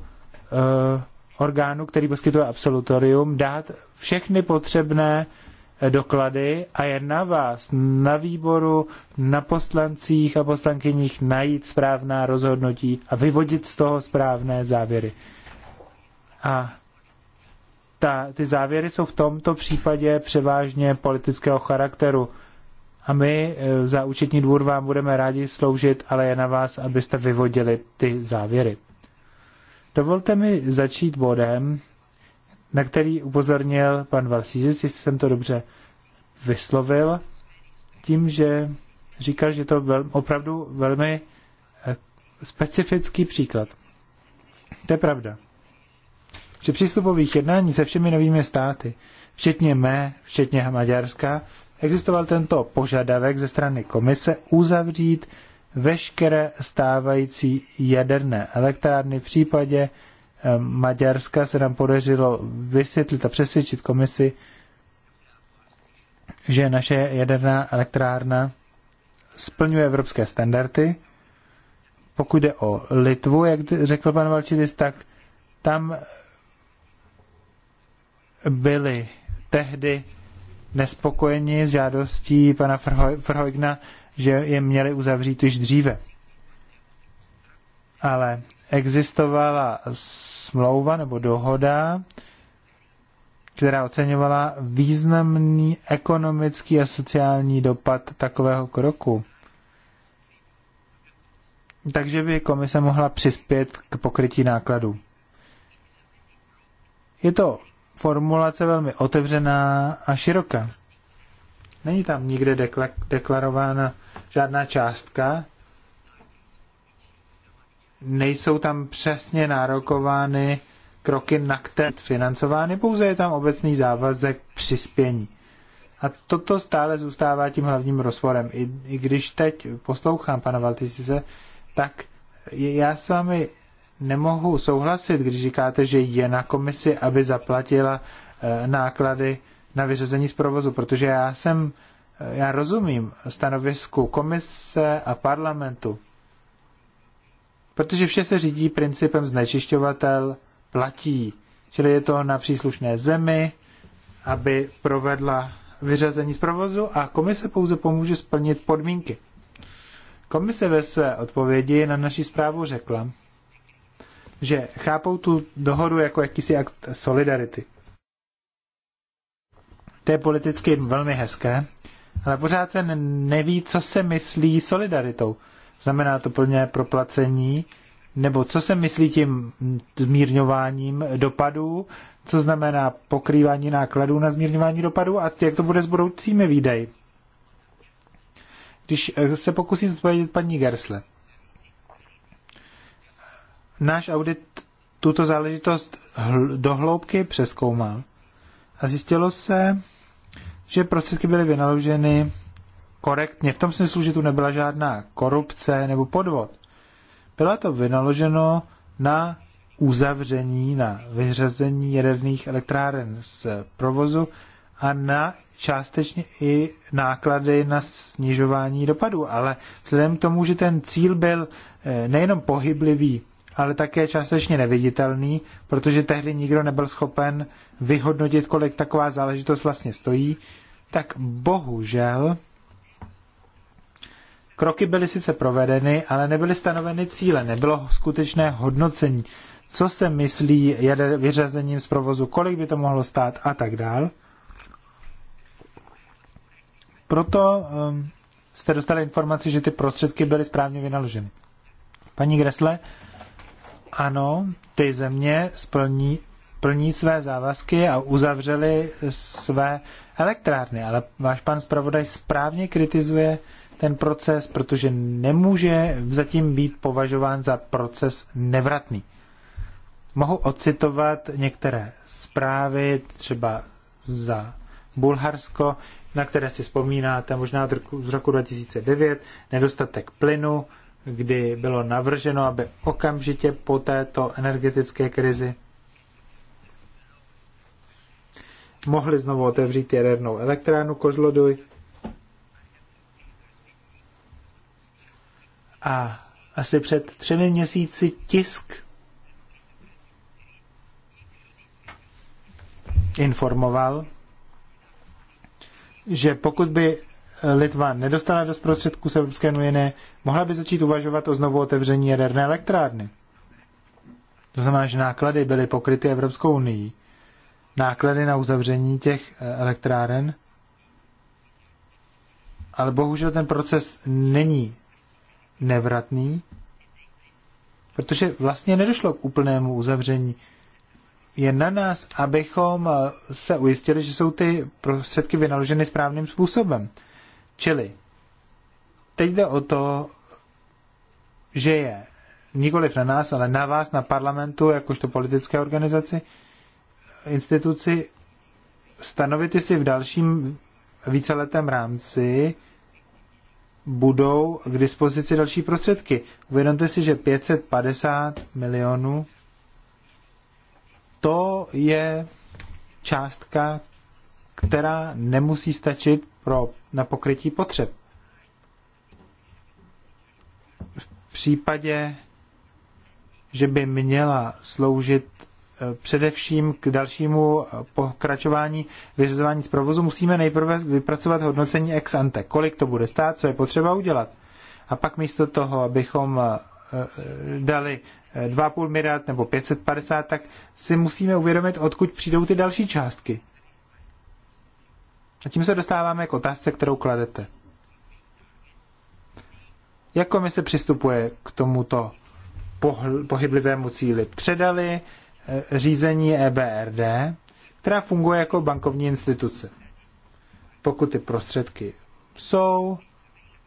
uh, orgánu, který poskytuje absolutorium, dát všechny potřebné uh, doklady a je na vás, na výboru, na poslancích a poslankyních najít správná rozhodnutí a vyvodit z toho správné závěry. A ta, ty závěry jsou v tomto případě převážně politického charakteru. A my eh, za účetní dvůr vám budeme rádi sloužit, ale je na vás, abyste vyvodili ty závěry. Dovolte mi začít bodem, na který upozornil pan Valsízis, jestli jsem to dobře vyslovil, tím, že říkal, že to je vel, opravdu velmi eh, specifický příklad. To je pravda. Při přístupových jednání se všemi novými státy, včetně mé, včetně Maďarska, existoval tento požadavek ze strany komise uzavřít veškeré stávající jaderné elektrárny v případě, Maďarska se nám podařilo vysvětlit a přesvědčit komisi, že naše jaderná elektrárna splňuje evropské standardy. Pokud jde o Litvu, jak řekl pan Valčitis, tak tam byli tehdy nespokojeni s žádostí pana Frhojgna, že je měli uzavřít již dříve. Ale existovala smlouva nebo dohoda, která oceňovala významný ekonomický a sociální dopad takového kroku. Takže by komise mohla přispět k pokrytí nákladů. Je to formulace velmi otevřená a široká. Není tam nikde deklarována žádná částka, nejsou tam přesně nárokovány kroky na které financovány, pouze je tam obecný závazek přispění. A toto stále zůstává tím hlavním rozporem. I, i když teď poslouchám pana Valtisise, tak já s vámi nemohu souhlasit, když říkáte, že je na komisi, aby zaplatila eh, náklady na vyřazení z provozu, protože já jsem, eh, já rozumím stanovisku komise a parlamentu, Protože vše se řídí principem znečišťovatel platí. Čili je to na příslušné zemi, aby provedla vyřazení z provozu a komise pouze pomůže splnit podmínky. Komise ve své odpovědi na naši zprávu řekla, že chápou tu dohodu jako jakýsi akt solidarity. To je politicky velmi hezké, ale pořád se neví, co se myslí solidaritou. Znamená to plně proplacení? Nebo co se myslí tím zmírňováním dopadů? Co znamená pokrývání nákladů na zmírňování dopadů a jak to bude s budoucími výdaji? Když eh, se pokusím odpovědět paní Gersle. Náš audit tuto záležitost dohloubky přeskoumal a zjistilo se, že prostředky byly vynaloženy korektně, v tom smyslu, že tu nebyla žádná korupce nebo podvod. Bylo to vynaloženo na uzavření, na vyřazení jaderných elektráren z provozu a na částečně i náklady na snižování dopadů. Ale vzhledem k tomu, že ten cíl byl eh, nejenom pohyblivý, ale také částečně neviditelný, protože tehdy nikdo nebyl schopen vyhodnotit, kolik taková záležitost vlastně stojí, tak bohužel Kroky byly sice provedeny, ale nebyly stanoveny cíle, nebylo skutečné hodnocení, co se myslí jader vyřazením z provozu, kolik by to mohlo stát a tak dál. Proto um, jste dostali informaci, že ty prostředky byly správně vynaloženy. Paní Gresle, ano, ty země splní, plní své závazky a uzavřely své elektrárny, ale váš pan zpravodaj správně kritizuje ten proces, protože nemůže zatím být považován za proces nevratný. Mohu ocitovat některé zprávy, třeba za Bulharsko, na které si vzpomínáte, možná z roku 2009, nedostatek plynu, kdy bylo navrženo, aby okamžitě po této energetické krizi mohli znovu otevřít jadernou elektránu Kozloduj. A asi před třemi měsíci tisk informoval, že pokud by Litva nedostala dost prostředků z Evropské unie, mohla by začít uvažovat o znovu otevření jaderné elektrárny. To znamená, že náklady byly pokryty Evropskou unii. Náklady na uzavření těch eh, elektráren. Ale bohužel ten proces není nevratný, protože vlastně nedošlo k úplnému uzavření. Je na nás, abychom eh, se ujistili, že jsou ty prostředky vynaloženy správným způsobem. Čili teď jde o to, že je nikoliv na nás, ale na vás, na parlamentu, jakožto politické organizaci, instituci, stanovit si v dalším víceletém rámci budou k dispozici další prostředky. Uvědomte si, že 550 milionů to je částka, která nemusí stačit pro, na pokrytí potřeb. V případě, že by měla sloužit především k dalšímu pokračování vyřizování z provozu musíme nejprve vypracovat hodnocení ex ante. Kolik to bude stát, co je potřeba udělat. A pak místo toho, abychom eh, dali 2,5 eh, miliard nebo 550, tak si musíme uvědomit, odkud přijdou ty další částky. A tím se dostáváme k otázce, kterou kladete. Jak komise přistupuje k tomuto pohyblivému cíli? Předali Eh, řízení EBRD, která funguje jako bankovní instituce. Pokud ty prostředky jsou,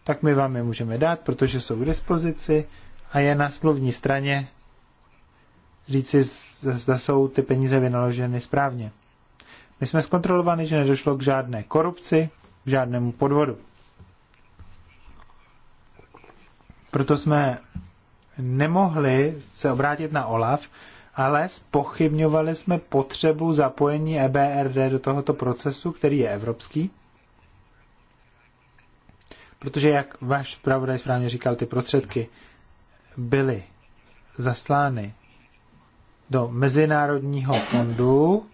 tak my vám je můžeme dát, protože jsou k dispozici a je na smluvní straně říci, zda jsou ty peníze vynaloženy správně. My jsme zkontrolovali, že nedošlo k žádné korupci, k žádnému podvodu. Proto jsme nemohli se obrátit na OLAF, ale spochybňovali jsme potřebu zapojení EBRD do tohoto procesu, který je evropský. Protože, jak váš pravodaj správně říkal, ty prostředky byly zaslány do Mezinárodního fondu,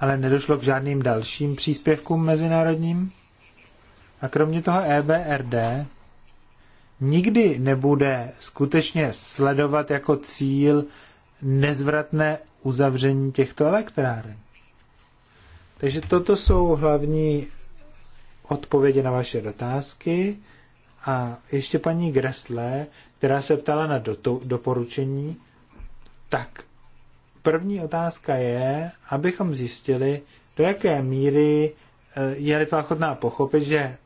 ale nedošlo k žádným dalším příspěvkům mezinárodním. A kromě toho EBRD nikdy nebude skutečně sledovat jako cíl nezvratné uzavření těchto elektráren. Takže toto jsou hlavní odpovědi na vaše dotázky. A ještě paní Gresle, která se ptala na do, doporučení, tak první otázka je, abychom zjistili, do jaké míry eh, je Litva ochotná pochopit, že eh,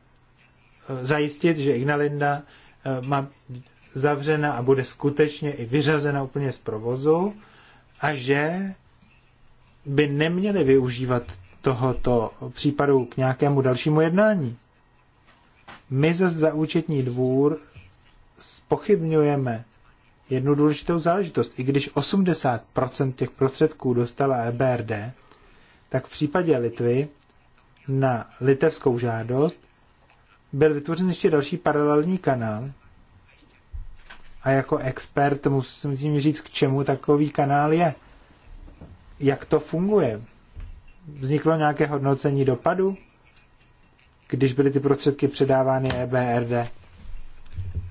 zajistit, že Ignalinda eh, má zavřena a bude skutečně i vyřazena úplně z provozu a že by neměli využívat tohoto případu k nějakému dalšímu jednání. My zase za účetní dvůr spochybňujeme jednu důležitou záležitost. I když 80% těch prostředků dostala EBRD, tak v případě Litvy na litevskou žádost byl vytvořen ještě další paralelní kanál, a jako expert musím říct, k čemu takový kanál je. Jak to funguje? Vzniklo nějaké hodnocení dopadu, když byly ty prostředky předávány EBRD?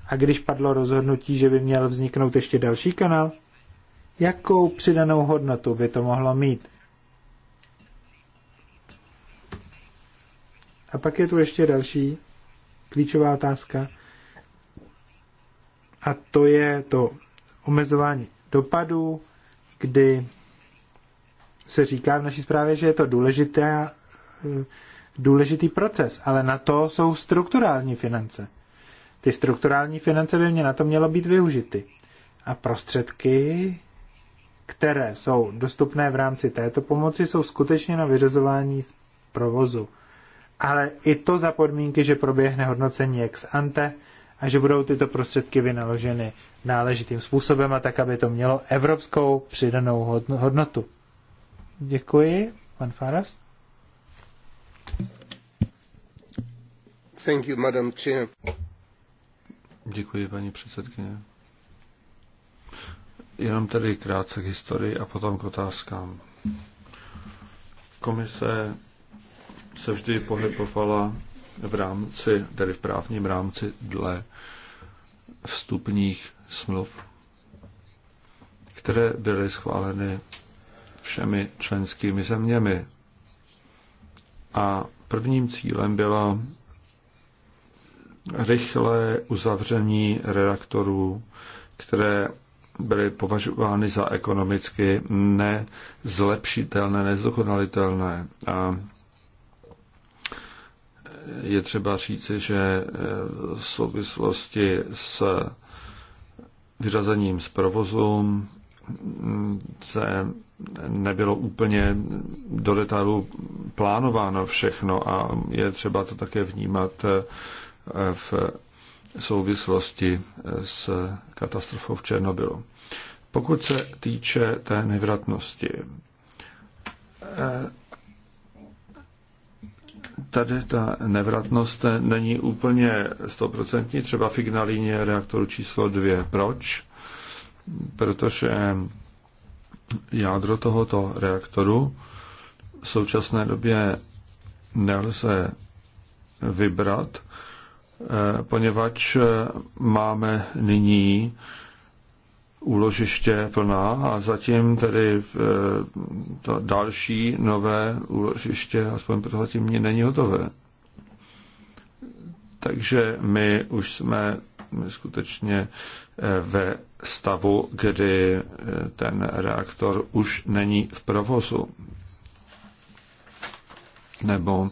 A když padlo rozhodnutí, že by měl vzniknout ještě další kanál, jakou přidanou hodnotu by to mohlo mít? A pak je tu ještě další klíčová otázka a to je to omezování dopadů, kdy se říká v naší zprávě, že je to důležité, důležitý proces, ale na to jsou strukturální finance. Ty strukturální finance by mě na to mělo být využity. A prostředky, které jsou dostupné v rámci této pomoci, jsou skutečně na vyřazování z provozu. Ale i to za podmínky, že proběhne hodnocení ex ante, a že budou tyto prostředky vynaloženy náležitým způsobem a tak, aby to mělo evropskou přidanou hodnotu. Děkuji. Pan Faras? Thank you, Madam Chair. Děkuji, paní předsedkyně. Jenom tady krátce k historii a potom k otázkám. Komise se vždy pohybovala v rámci, tedy v právním rámci dle vstupních smluv, které byly schváleny všemi členskými zeměmi. A prvním cílem bylo rychlé uzavření redaktorů, které byly považovány za ekonomicky nezlepšitelné, nezdokonalitelné. A je třeba říci, že eh, v souvislosti s vyřazením z provozu mm, se nebylo úplně do detailu plánováno všechno a je třeba to také vnímat eh, v souvislosti eh, s katastrofou v Černobylu. Pokud se týče té nevratnosti, tady ta nevratnost není úplně stoprocentní, třeba v Ignalíně reaktoru číslo 2. Proč? Protože jádro tohoto reaktoru v současné době nelze vybrat, eh, poněvadž eh, máme nyní úložiště plná a zatím tedy e, to další nové úložiště, aspoň pro zatím mě není hotové. Takže my už jsme skutečně e, ve stavu, kdy e, ten reaktor už není v provozu. Nebo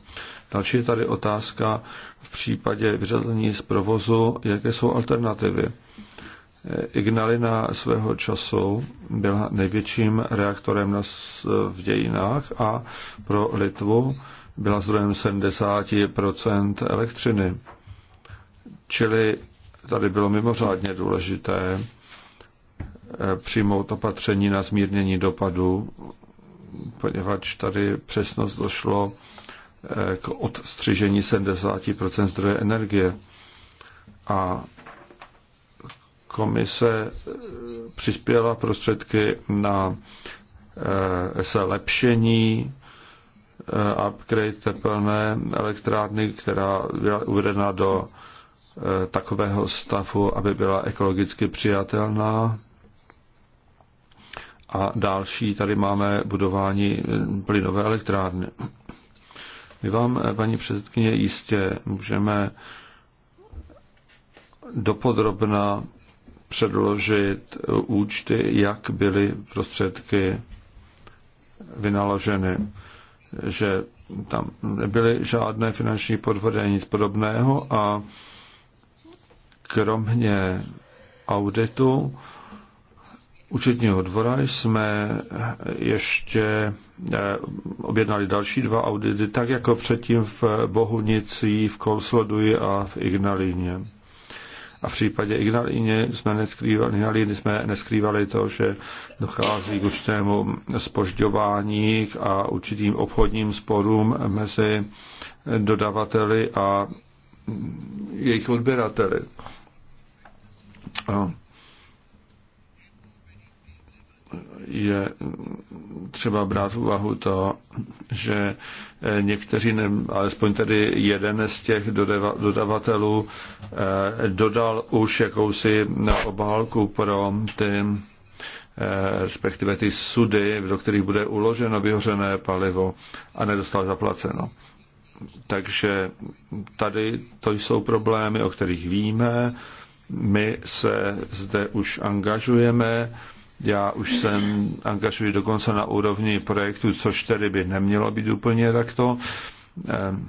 další je tady otázka v případě vyřazení z provozu, jaké jsou alternativy. Ignalina svého času byla největším reaktorem na, v dějinách a pro Litvu byla zdrojem 70 elektřiny. Čili tady bylo mimořádně důležité eh, přijmout opatření na zmírnění dopadu, poněvadž tady přesnost došlo eh, k odstřižení 70 zdroje energie. A komise eh, přispěla prostředky na zlepšení eh, eh, upgrade teplné elektrárny, která byla uvedena do takového stavu, aby byla ekologicky přijatelná. A další, tady máme budování plynové elektrárny. My vám, paní předsedkyně, jistě můžeme dopodrobna předložit účty, jak byly prostředky vynaloženy, že tam nebyly žádné finanční podvody, nic podobného a kromě auditu účetního dvora jsme ještě eh, objednali další dva audity, tak jako předtím v Bohunicí, v Kolsloduji a v Ignalíně. A v případě Ignalíně jsme neskrývali, jsme neskrývali to, že dochází k určitému spožďování a určitým obchodním sporům mezi dodavateli a jejich odběrateli. A je třeba brát v úvahu to, že někteří, alespoň tedy jeden z těch dodavatelů, eh, dodal už jakousi obálku pro ty eh, respektive ty sudy, do kterých bude uloženo vyhořené palivo a nedostal zaplaceno. Takže tady to jsou problémy, o kterých víme. My se zde už angažujeme já už jsem angažuji dokonce na úrovni projektu, což tedy by nemělo být úplně takto. Ehm,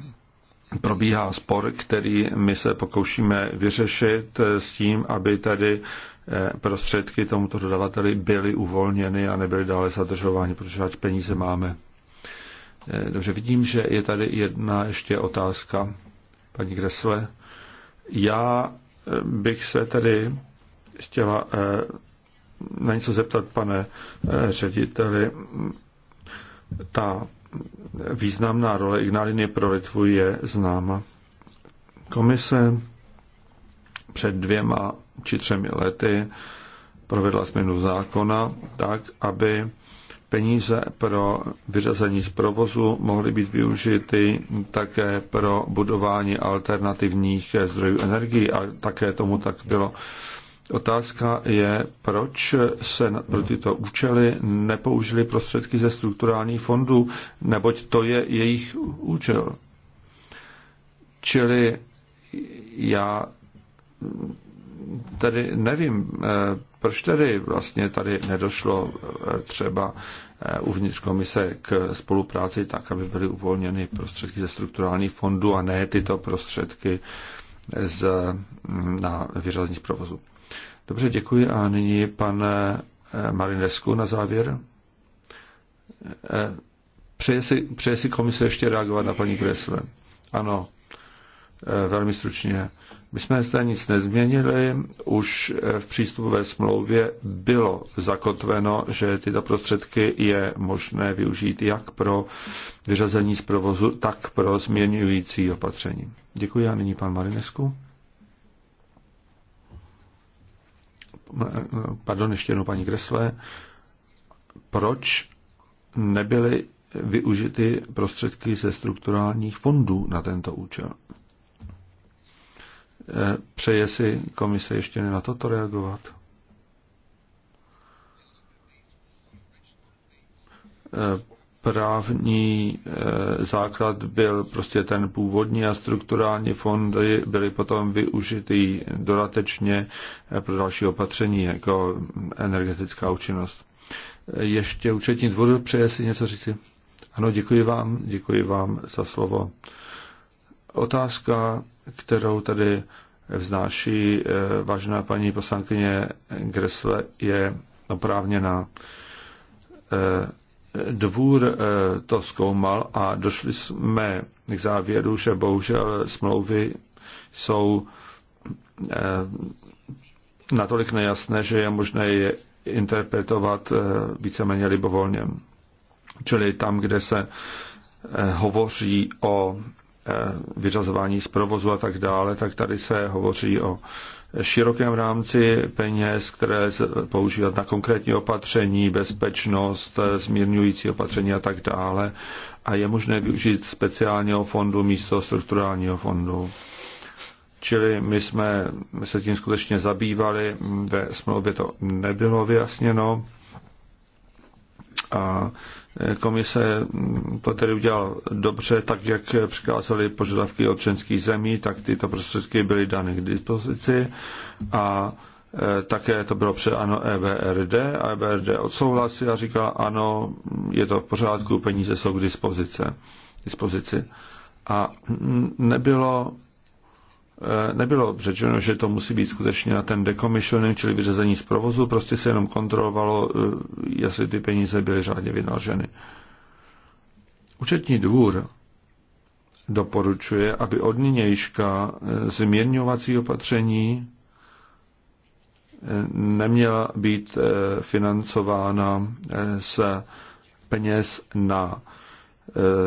probíhá spor, který my se pokoušíme vyřešit s tím, aby tady eh, prostředky tomuto dodavateli byly uvolněny a nebyly dále zadržovány, protože ať peníze máme. Eh, dobře, vidím, že je tady jedna ještě otázka, paní Gresle. Já eh, bych se tady chtěla na něco zeptat, pane eh, řediteli. Ta významná role Ignaliny pro Litvu je známa. Komise před dvěma či třemi lety provedla změnu zákona tak, aby peníze pro vyřazení z provozu mohly být využity také pro budování alternativních zdrojů energii a také tomu tak bylo Otázka je, proč se pro tyto účely nepoužili prostředky ze strukturálních fondů, neboť to je jejich účel. Čili já tady nevím, eh, proč tedy vlastně tady nedošlo eh, třeba eh, uvnitř komise k spolupráci tak, aby byly uvolněny prostředky ze strukturálních fondů a ne tyto prostředky z, mm, na vyřazení z provozu. Dobře, děkuji. A nyní pan eh, Marinesku na závěr. Eh, přeje si, přeje si komise ještě reagovat na paní Kresle? Ano, eh, velmi stručně. My jsme zde nic nezměnili, už v přístupové smlouvě bylo zakotveno, že tyto prostředky je možné využít jak pro vyřazení z provozu, tak pro změňující opatření. Děkuji a nyní pan Marinesku. pardon, ještě jednou paní Kresle, proč nebyly využity prostředky ze strukturálních fondů na tento účel. E, přeje si komise ještě na toto reagovat? E, právní eh, základ byl prostě ten původní a strukturální fondy byly potom využity dodatečně eh, pro další opatření jako energetická účinnost. Eh, ještě účetní dvor přeje si něco říci? Ano, děkuji vám, děkuji vám za slovo. Otázka, kterou tady vznáší vážená paní poslankyně Gresle, je oprávněná Dvůr eh, to zkoumal a došli jsme k závěru, že bohužel smlouvy jsou eh, natolik nejasné, že je možné je interpretovat eh, víceméně libovolně. Čili tam, kde se hovoří o vyřazování z provozu a tak dále, tak tady se hovoří o širokém rámci peněz, které používat na konkrétní opatření, bezpečnost, zmírňující opatření a tak dále. A je možné využít speciálního fondu místo strukturálního fondu. Čili my jsme se tím skutečně zabývali, ve smlouvě to nebylo vyjasněno a e, komise mm, to tedy udělal dobře, tak jak přicházely požadavky od členských zemí, tak tyto prostředky byly dány k dispozici a e, také to bylo ano EBRD a e EBRD odsouhlasil a říkal, ano, je to v pořádku, peníze jsou k dispozici. A nebylo Eh, nebylo řečeno, že to musí být skutečně na ten decommissioning, čili vyřazení z provozu, prostě se jenom kontrolovalo, eh, jestli ty peníze byly řádně vynaloženy. Účetní dvůr doporučuje, aby od nynějška eh, změrňovací opatření neměla být financována z peněz na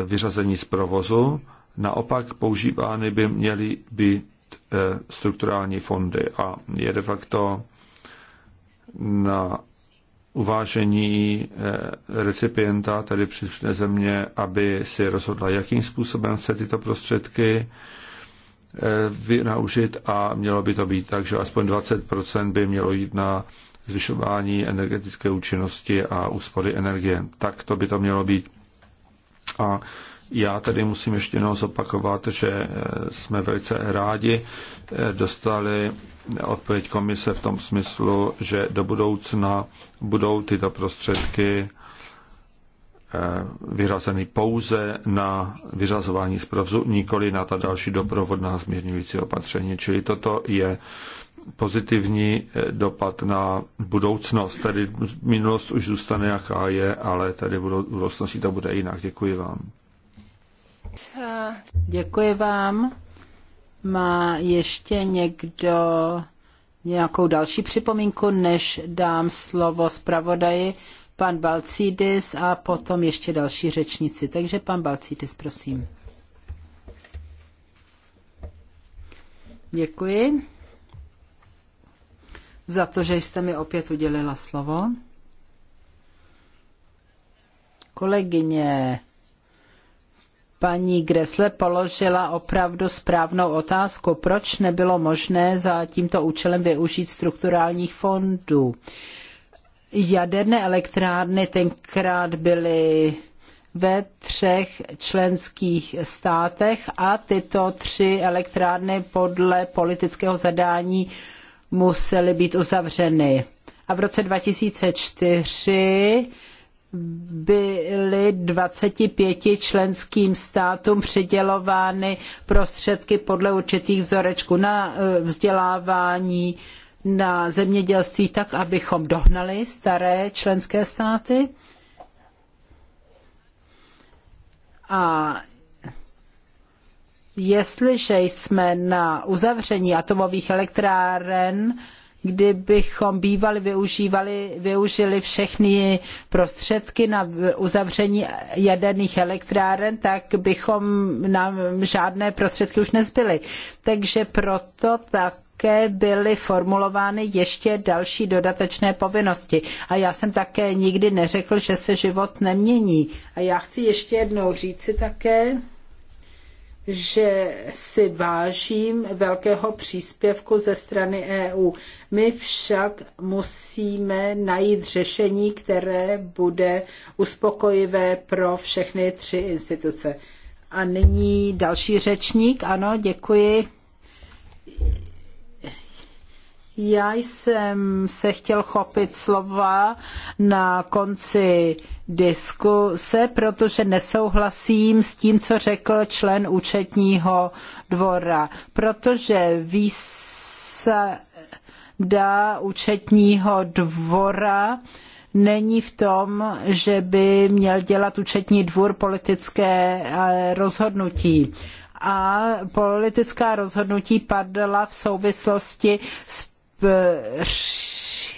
vyřazení z provozu, naopak používány by měly by Eh, strukturální fondy a je de facto na uvážení eh, recipienta, tedy příslušné země, aby si rozhodla, jakým způsobem chce tyto prostředky eh, vynaužit a mělo by to být tak, že aspoň 20% by mělo jít na zvyšování energetické účinnosti a úspory energie. Tak to by to mělo být. A já tedy musím ještě jenom zopakovat, že eh, jsme velice rádi eh, dostali eh, odpověď komise v tom smyslu, že do budoucna budou tyto prostředky vyrazeny pouze na vyřazování z provzu, nikoli na ta další doprovodná změrňující opatření. Čili toto je pozitivní dopad na budoucnost. Tedy minulost už zůstane jaká je, ale tady budoucnosti to bude jinak. Děkuji vám. Děkuji vám. Má ještě někdo nějakou další připomínku, než dám slovo zpravodaji, pan Balcídis a potom ještě další řečníci. Takže pan Balcídis, prosím. Děkuji za to, že jste mi opět udělila slovo. Kolegyně paní Gresle položila opravdu správnou otázku, proč nebylo možné za tímto účelem využít strukturálních fondů. Jaderné elektrárny tenkrát byly ve třech členských státech a tyto tři elektrárny podle politického zadání musely být uzavřeny. A v roce 2004 byly 25 členským státům předělovány prostředky podle určitých vzorečků na eh, vzdělávání, na zemědělství, tak abychom dohnali staré členské státy. A jestliže jsme na uzavření atomových elektráren, kdybychom bývali využívali, využili všechny prostředky na uzavření jaderných elektráren, tak bychom nám žádné prostředky už nezbyly. Takže proto tak také byly formulovány ještě další dodatečné povinnosti. A já jsem také nikdy neřekl, že se život nemění. A já chci ještě jednou říci také, že si vážím velkého příspěvku ze strany EU. My však musíme najít řešení, které bude uspokojivé pro všechny tři instituce. A nyní další řečník. Ano, děkuji. Já jsem se chtěl chopit slova na konci diskuse, protože nesouhlasím s tím, co řekl člen účetního dvora, protože výsada účetního dvora není v tom, že by měl dělat účetní dvůr politické eh, rozhodnutí a politická rozhodnutí padla v souvislosti s per eh,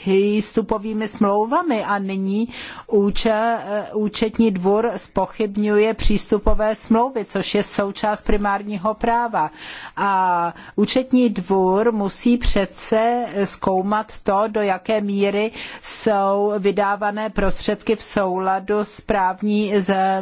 přístupovými smlouvami a nyní úče, eh, účetní dvůr spochybňuje přístupové smlouvy, což je součást primárního práva. A účetní dvůr musí přece zkoumat to, do jaké míry jsou vydávané prostředky v souladu s právní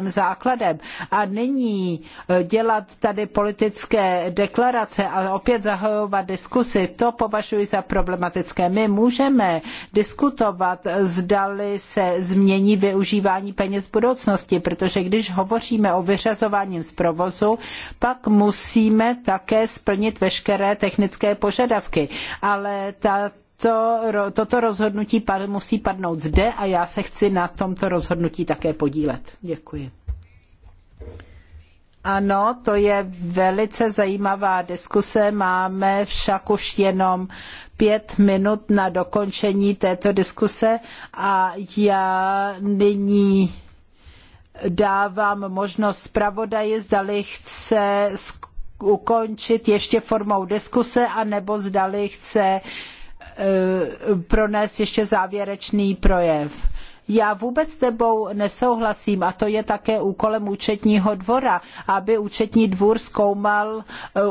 základem. A nyní eh, dělat tady politické deklarace a opět zahajovat diskusy, to považuji za problematické. My můžeme diskutovat, zdali se změní využívání peněz v budoucnosti, protože když hovoříme o vyřazování z provozu, pak musíme také splnit veškeré technické požadavky. Ale ta to, toto rozhodnutí musí padnout zde a já se chci na tomto rozhodnutí také podílet. Děkuji. Ano, to je velice zajímavá diskuse. Máme však už jenom pět minut na dokončení této diskuse a já nyní dávám možnost zpravodaji, zdali chce ukončit ještě formou diskuse, anebo zdali chce eh, pronést ještě závěrečný projev. Já vůbec s tebou nesouhlasím a to je také úkolem účetního dvora, aby účetní dvůr zkoumal eh,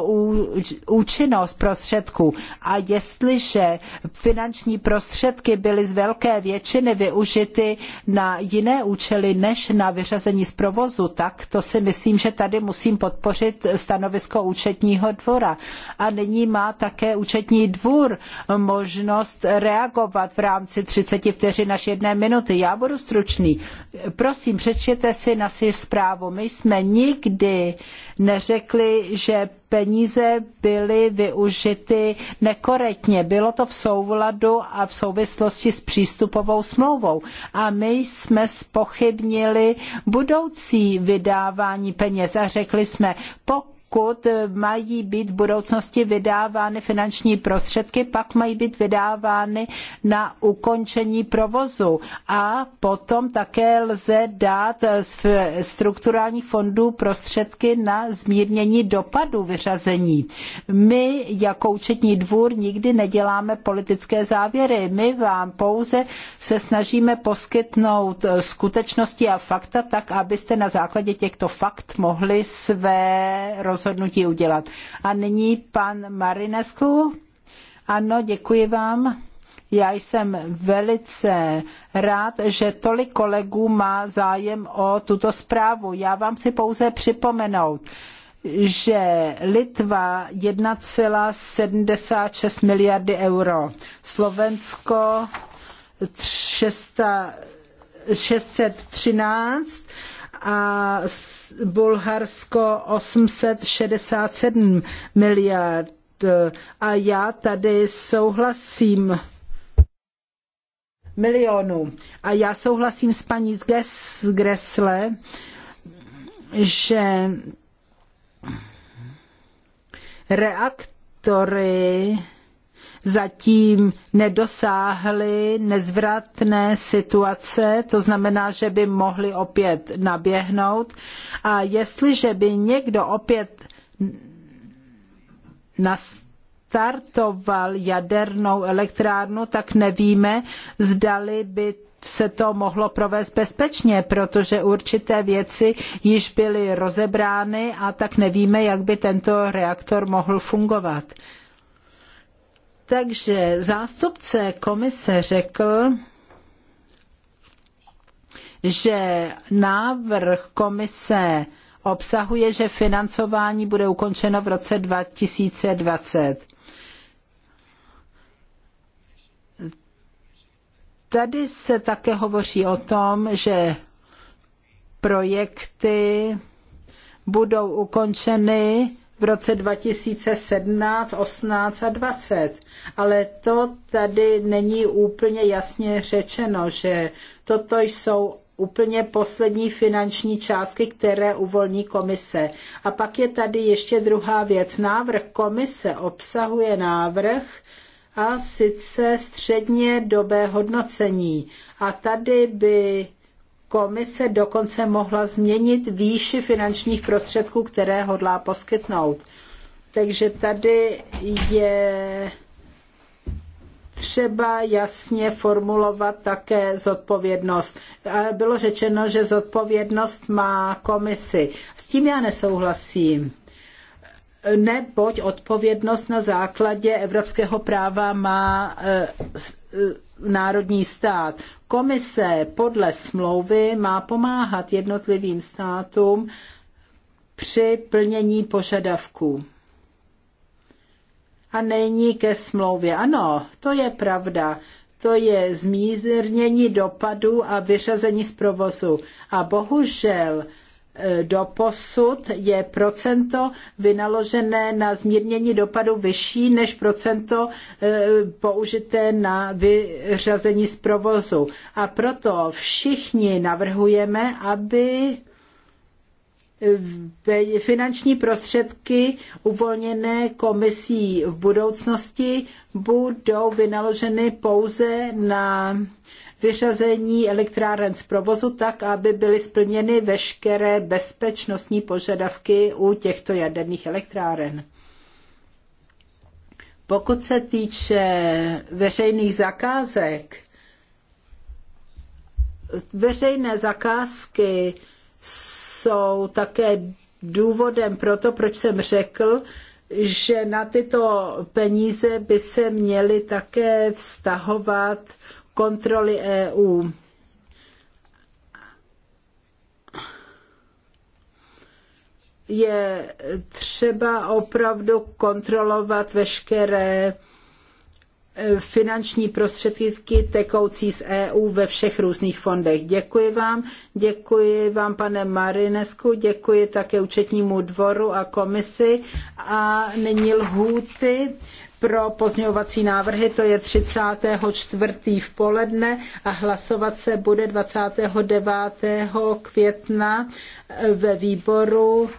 účinnost prostředků. A jestliže finanční prostředky byly z velké většiny využity na jiné účely než na vyřazení z provozu, tak to si myslím, že tady musím podpořit stanovisko účetního dvora. A nyní má také účetní dvůr možnost reagovat v rámci 30 vteřin až jedné minuty. Já budu stručný. Prosím, přečtěte si naši zprávu. My jsme nikdy neřekli, že peníze byly využity nekorektně. Bylo to v souladu a v souvislosti s přístupovou smlouvou. A my jsme spochybnili budoucí vydávání peněz a řekli jsme, pokud pokud mají být v budoucnosti vydávány finanční prostředky, pak mají být vydávány na ukončení provozu. A potom také lze dát z strukturálních fondů prostředky na zmírnění dopadu vyřazení. My jako účetní dvůr nikdy neděláme politické závěry. My vám pouze se snažíme poskytnout skutečnosti a fakta tak, abyste na základě těchto fakt mohli své rozhodnutí rozhodnutí udělat. A nyní pan Marinescu. Ano, děkuji vám. Já jsem velice rád, že tolik kolegů má zájem o tuto zprávu. Já vám chci pouze připomenout, že Litva 1,76 miliardy euro, Slovensko 600, 613 a Bulharsko 867 miliard. A já tady souhlasím milionů. A já souhlasím s paní Gresle že reaktory zatím nedosáhly nezvratné situace, to znamená, že by mohli opět naběhnout. A jestliže by někdo opět nastartoval jadernou elektrárnu, tak nevíme, zdali by se to mohlo provést bezpečně, protože určité věci již byly rozebrány a tak nevíme, jak by tento reaktor mohl fungovat. Takže zástupce komise řekl, že návrh komise obsahuje, že financování bude ukončeno v roce 2020. Tady se také hovoří o tom, že projekty budou ukončeny v roce 2017, 18 a 20. Ale to tady není úplně jasně řečeno, že toto jsou úplně poslední finanční částky, které uvolní komise. A pak je tady ještě druhá věc. Návrh komise obsahuje návrh a sice středně dobé hodnocení. A tady by komise dokonce mohla změnit výši finančních prostředků, které hodlá poskytnout. Takže tady je třeba jasně formulovat také zodpovědnost. Bylo řečeno, že zodpovědnost má komisi. S tím já nesouhlasím. Neboť odpovědnost na základě evropského práva má eh, národní stát. Komise podle smlouvy má pomáhat jednotlivým státům při plnění požadavků. A není ke smlouvě. Ano, to je pravda. To je zmírnění dopadu a vyřazení z provozu. A bohužel Eh, doposud je procento vynaložené na zmírnění dopadu vyšší než procento eh, použité na vyřazení z provozu. A proto všichni navrhujeme, aby eh, finanční prostředky uvolněné komisí v budoucnosti budou vynaloženy pouze na vyřazení elektráren z provozu tak, aby byly splněny veškeré bezpečnostní požadavky u těchto jaderných elektráren. Pokud se týče veřejných zakázek, veřejné zakázky jsou také důvodem pro to, proč jsem řekl, že na tyto peníze by se měly také vztahovat kontroly EU. Je třeba opravdu kontrolovat veškeré e, finanční prostředky tekoucí z EU ve všech různých fondech. Děkuji vám, děkuji vám pane Marinesku, děkuji také účetnímu dvoru a komisi a nyní lhůty pro pozměňovací návrhy, to je 34. v poledne a hlasovat se bude 29. května eh, ve výboru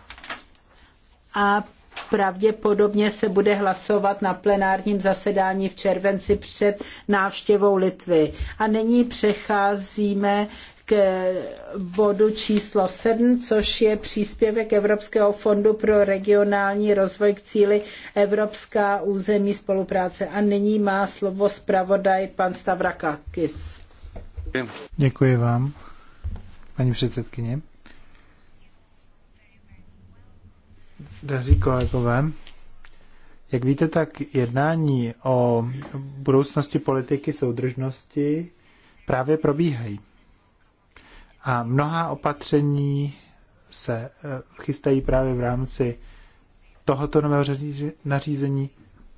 a pravděpodobně se bude hlasovat na plenárním zasedání v červenci před návštěvou Litvy. A nyní přecházíme k bodu číslo 7, což je příspěvek Evropského fondu pro regionální rozvoj k cíli Evropská územní spolupráce. A nyní má slovo zpravodaj pan Stavrakakis. Děkuji vám, paní předsedkyně. Drazí kolegové, jak víte, tak jednání o budoucnosti politiky soudržnosti právě probíhají. A mnoha opatření se eh, chystají právě v rámci tohoto nového nařízení.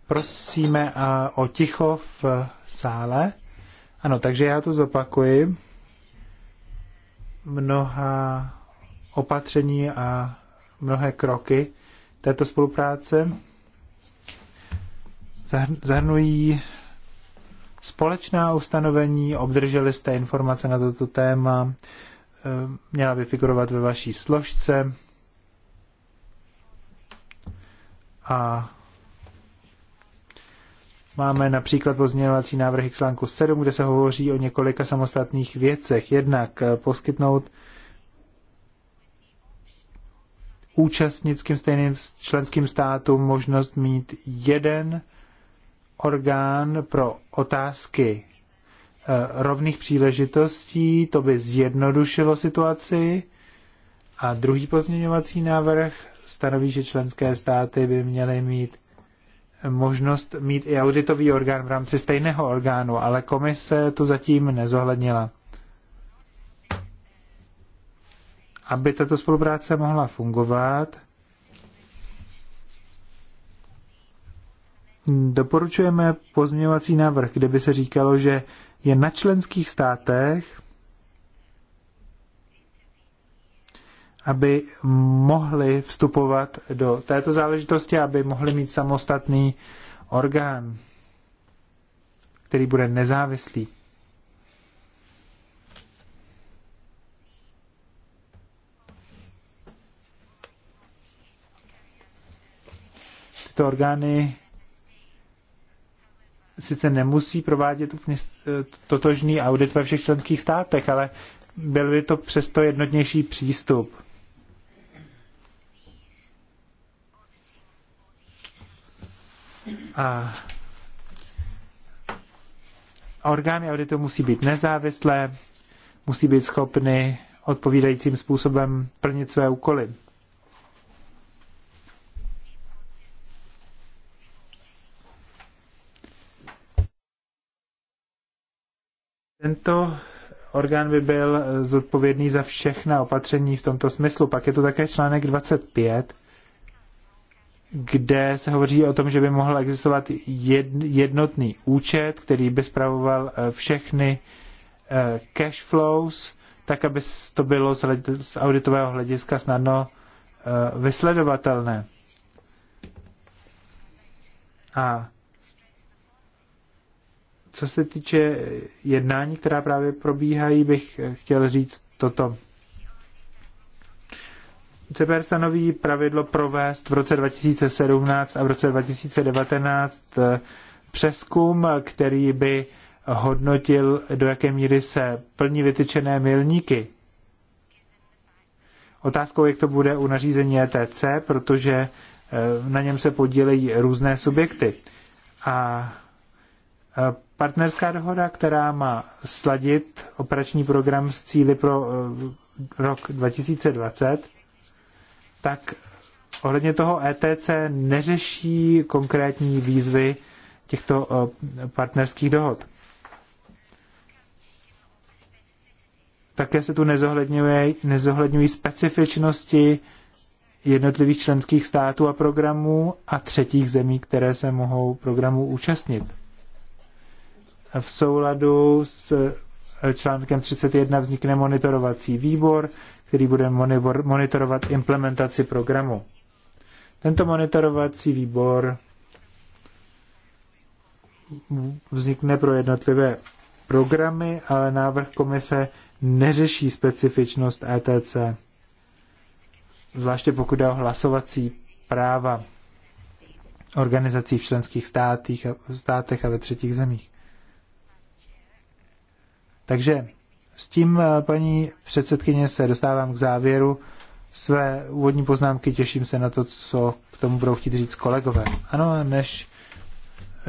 Prosíme eh, o ticho v eh, sále. Ano, takže já to zopakuji. Mnoha opatření a mnohé kroky této spolupráce zahrnují společná ustanovení, obdrželi jste informace na toto téma, Eh, měla by figurovat ve vaší složce. A máme například pozměňovací návrhy k článku 7, kde se hovoří o několika samostatných věcech. Jednak eh, poskytnout účastnickým stejným členským státům možnost mít jeden orgán pro otázky Eh, rovných příležitostí, to by zjednodušilo situaci. A druhý pozměňovací návrh stanoví, že členské státy by měly mít možnost mít i auditový orgán v rámci stejného orgánu, ale komise to zatím nezohlednila. Aby tato spolupráce mohla fungovat, doporučujeme pozměňovací návrh, kde by se říkalo, že je na členských státech, aby mohli vstupovat do této záležitosti, aby mohli mít samostatný orgán, který bude nezávislý. Tyto orgány sice nemusí provádět úplně eh, totožný audit ve všech členských státech, ale byl by to přesto jednotnější přístup. A orgány auditu musí být nezávislé, musí být schopny odpovídajícím způsobem plnit své úkoly. Tento orgán by byl zodpovědný za všechna opatření v tomto smyslu. Pak je to také článek 25, kde se hovoří o tom, že by mohl existovat jednotný účet, který by spravoval eh, všechny eh, cash flows, tak, aby to bylo z auditového hlediska snadno eh, vysledovatelné. A co se týče jednání, která právě probíhají, bych chtěl říct toto. CPR stanoví pravidlo provést v roce 2017 a v roce 2019 eh, přeskum, který by hodnotil, do jaké míry se plní vytyčené milníky. Otázkou, jak to bude u nařízení ETC, protože eh, na něm se podílejí různé subjekty. A eh, partnerská dohoda, která má sladit operační program s cíly pro eh, rok 2020, tak ohledně toho ETC neřeší konkrétní výzvy těchto eh, partnerských dohod. Také se tu nezohledňuje, nezohledňují specifičnosti jednotlivých členských států a programů a třetích zemí, které se mohou programu účastnit v souladu s eh, článkem 31 vznikne monitorovací výbor, který bude monitorovat implementaci programu. Tento monitorovací výbor vznikne pro jednotlivé programy, ale návrh komise neřeší specifičnost ETC, zvláště pokud jde o hlasovací práva organizací v členských státech a ve třetích zemích. Takže s tím, eh, paní předsedkyně, se dostávám k závěru své úvodní poznámky. Těším se na to, co k tomu budou chtít říct kolegové. Ano, než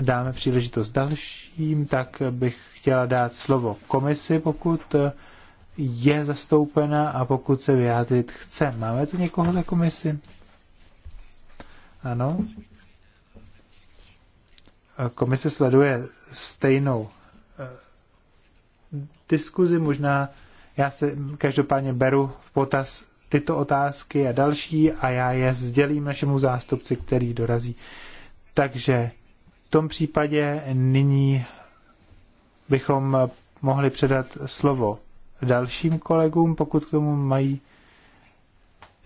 dáme příležitost dalším, tak bych chtěla dát slovo komisi, pokud eh, je zastoupena a pokud se vyjádřit chce. Máme tu někoho za komisi? Ano. Eh, komise sleduje stejnou diskuzi. Možná já se každopádně beru v potaz tyto otázky a další a já je sdělím našemu zástupci, který dorazí. Takže v tom případě nyní bychom mohli předat slovo dalším kolegům, pokud k tomu mají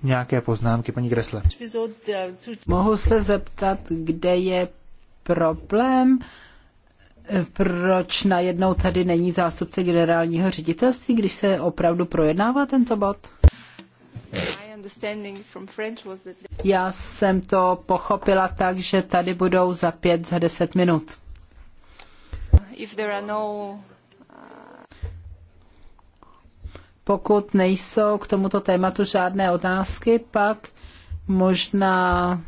nějaké poznámky, paní Gresle. Mohu se zeptat, kde je problém? proč najednou tady není zástupce generálního ředitelství, když se opravdu projednává tento bod? Já jsem to pochopila tak, že tady budou za pět, za deset minut. No, uh, Pokud nejsou k tomuto tématu žádné otázky, pak možná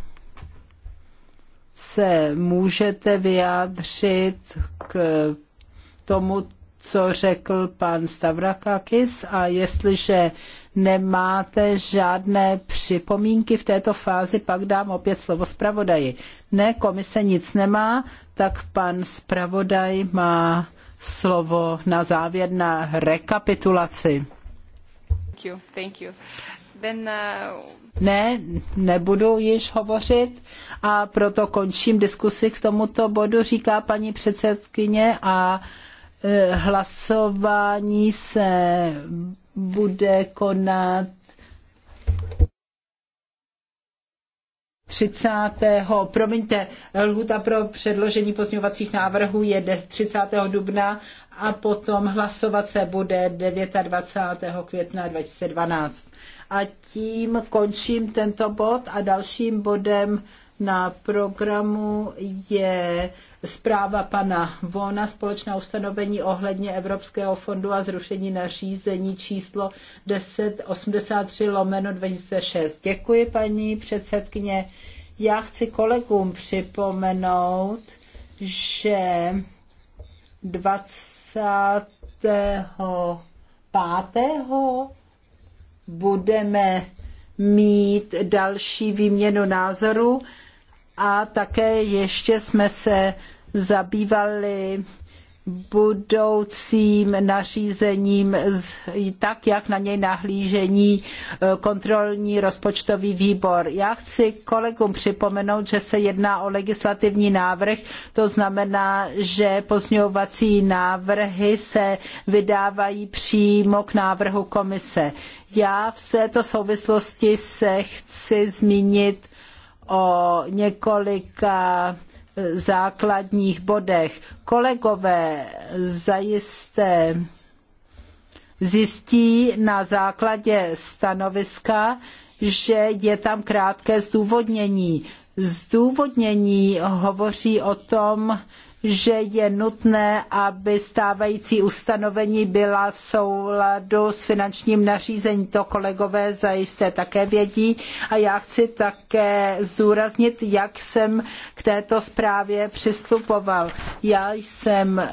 se můžete vyjádřit k eh, tomu, co řekl pan Stavrakakis a jestliže nemáte žádné připomínky v této fázi, pak dám opět slovo zpravodaji. Ne, komise nic nemá, tak pan zpravodaj má slovo na závěr na rekapitulaci. Thank you, thank you. Then, uh... Ne, nebudu již hovořit a proto končím diskusi k tomuto bodu, říká paní předsedkyně a e, hlasování se bude konat 30. promiňte, lhuta pro předložení pozměňovacích návrhů je 30. dubna a potom hlasovat se bude 29. května 2012 a tím končím tento bod a dalším bodem na programu je zpráva pana Vona, společná ustanovení ohledně Evropského fondu a zrušení nařízení číslo 1083 lomeno 2006. Děkuji, paní předsedkyně. Já chci kolegům připomenout, že 25 budeme mít další výměnu názorů a také ještě jsme se zabývali budoucím nařízením, tak jak na něj nahlížení e, kontrolní rozpočtový výbor. Já chci kolegům připomenout, že se jedná o legislativní návrh, to znamená, že pozňovací návrhy se vydávají přímo k návrhu komise. Já v této souvislosti se chci zmínit o několika základních bodech. Kolegové zajisté zjistí na základě stanoviska, že je tam krátké zdůvodnění. Zdůvodnění hovoří o tom, že je nutné, aby stávající ustanovení byla v souladu s finančním nařízením. To kolegové zajisté také vědí. A já chci také zdůraznit, jak jsem k této zprávě přistupoval. Já jsem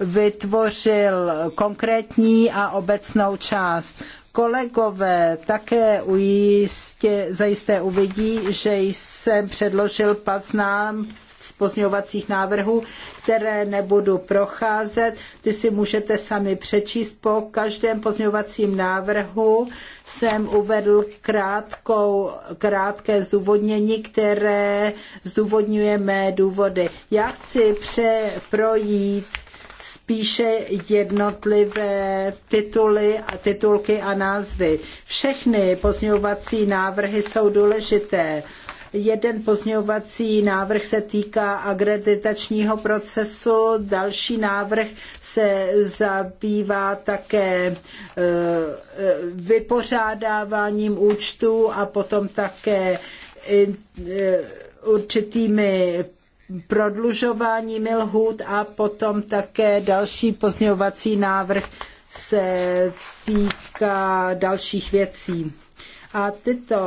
vytvořil konkrétní a obecnou část. Kolegové také ujistě, zajisté uvidí, že jsem předložil poznámky z pozňovacích návrhů, které nebudu procházet. Ty si můžete sami přečíst. Po každém pozňovacím návrhu jsem uvedl krátkou, krátké zdůvodnění, které zdůvodňuje mé důvody. Já chci pře- projít spíše jednotlivé tituly a titulky a názvy. Všechny pozňovací návrhy jsou důležité. Jeden pozměňovací návrh se týká agreditačního procesu, další návrh se zabývá také eh, vypořádáváním účtů a potom také eh, určitými prodlužováními lhůt a potom také další pozměňovací návrh se týká dalších věcí. A tyto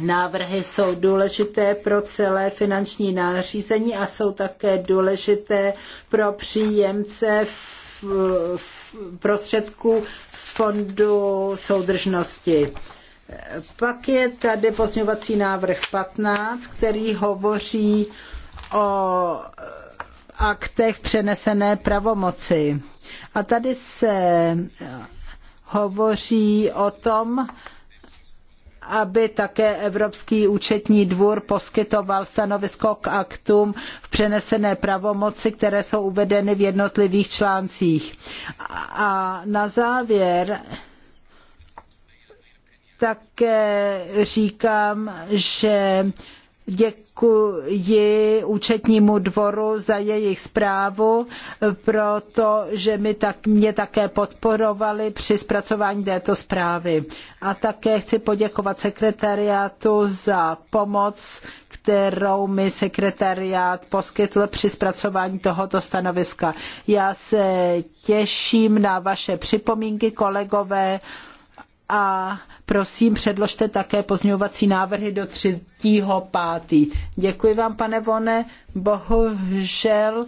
návrhy jsou důležité pro celé finanční nářízení a jsou také důležité pro příjemce prostředků z fondu soudržnosti. Pak je tady pozměňovací návrh 15, který hovoří o aktech přenesené pravomoci. A tady se hovoří o tom, aby také Evropský účetní dvůr poskytoval stanovisko k aktům v přenesené pravomoci, které jsou uvedeny v jednotlivých článcích. A na závěr také říkám, že Děkuji účetnímu dvoru za jejich zprávu, protože mi tak, mě také podporovali při zpracování této zprávy. A také chci poděkovat sekretariátu za pomoc, kterou mi sekretariát poskytl při zpracování tohoto stanoviska. Já se těším na vaše připomínky, kolegové a prosím předložte také pozměňovací návrhy do 3. 5. Děkuji vám, pane Vone. Bohužel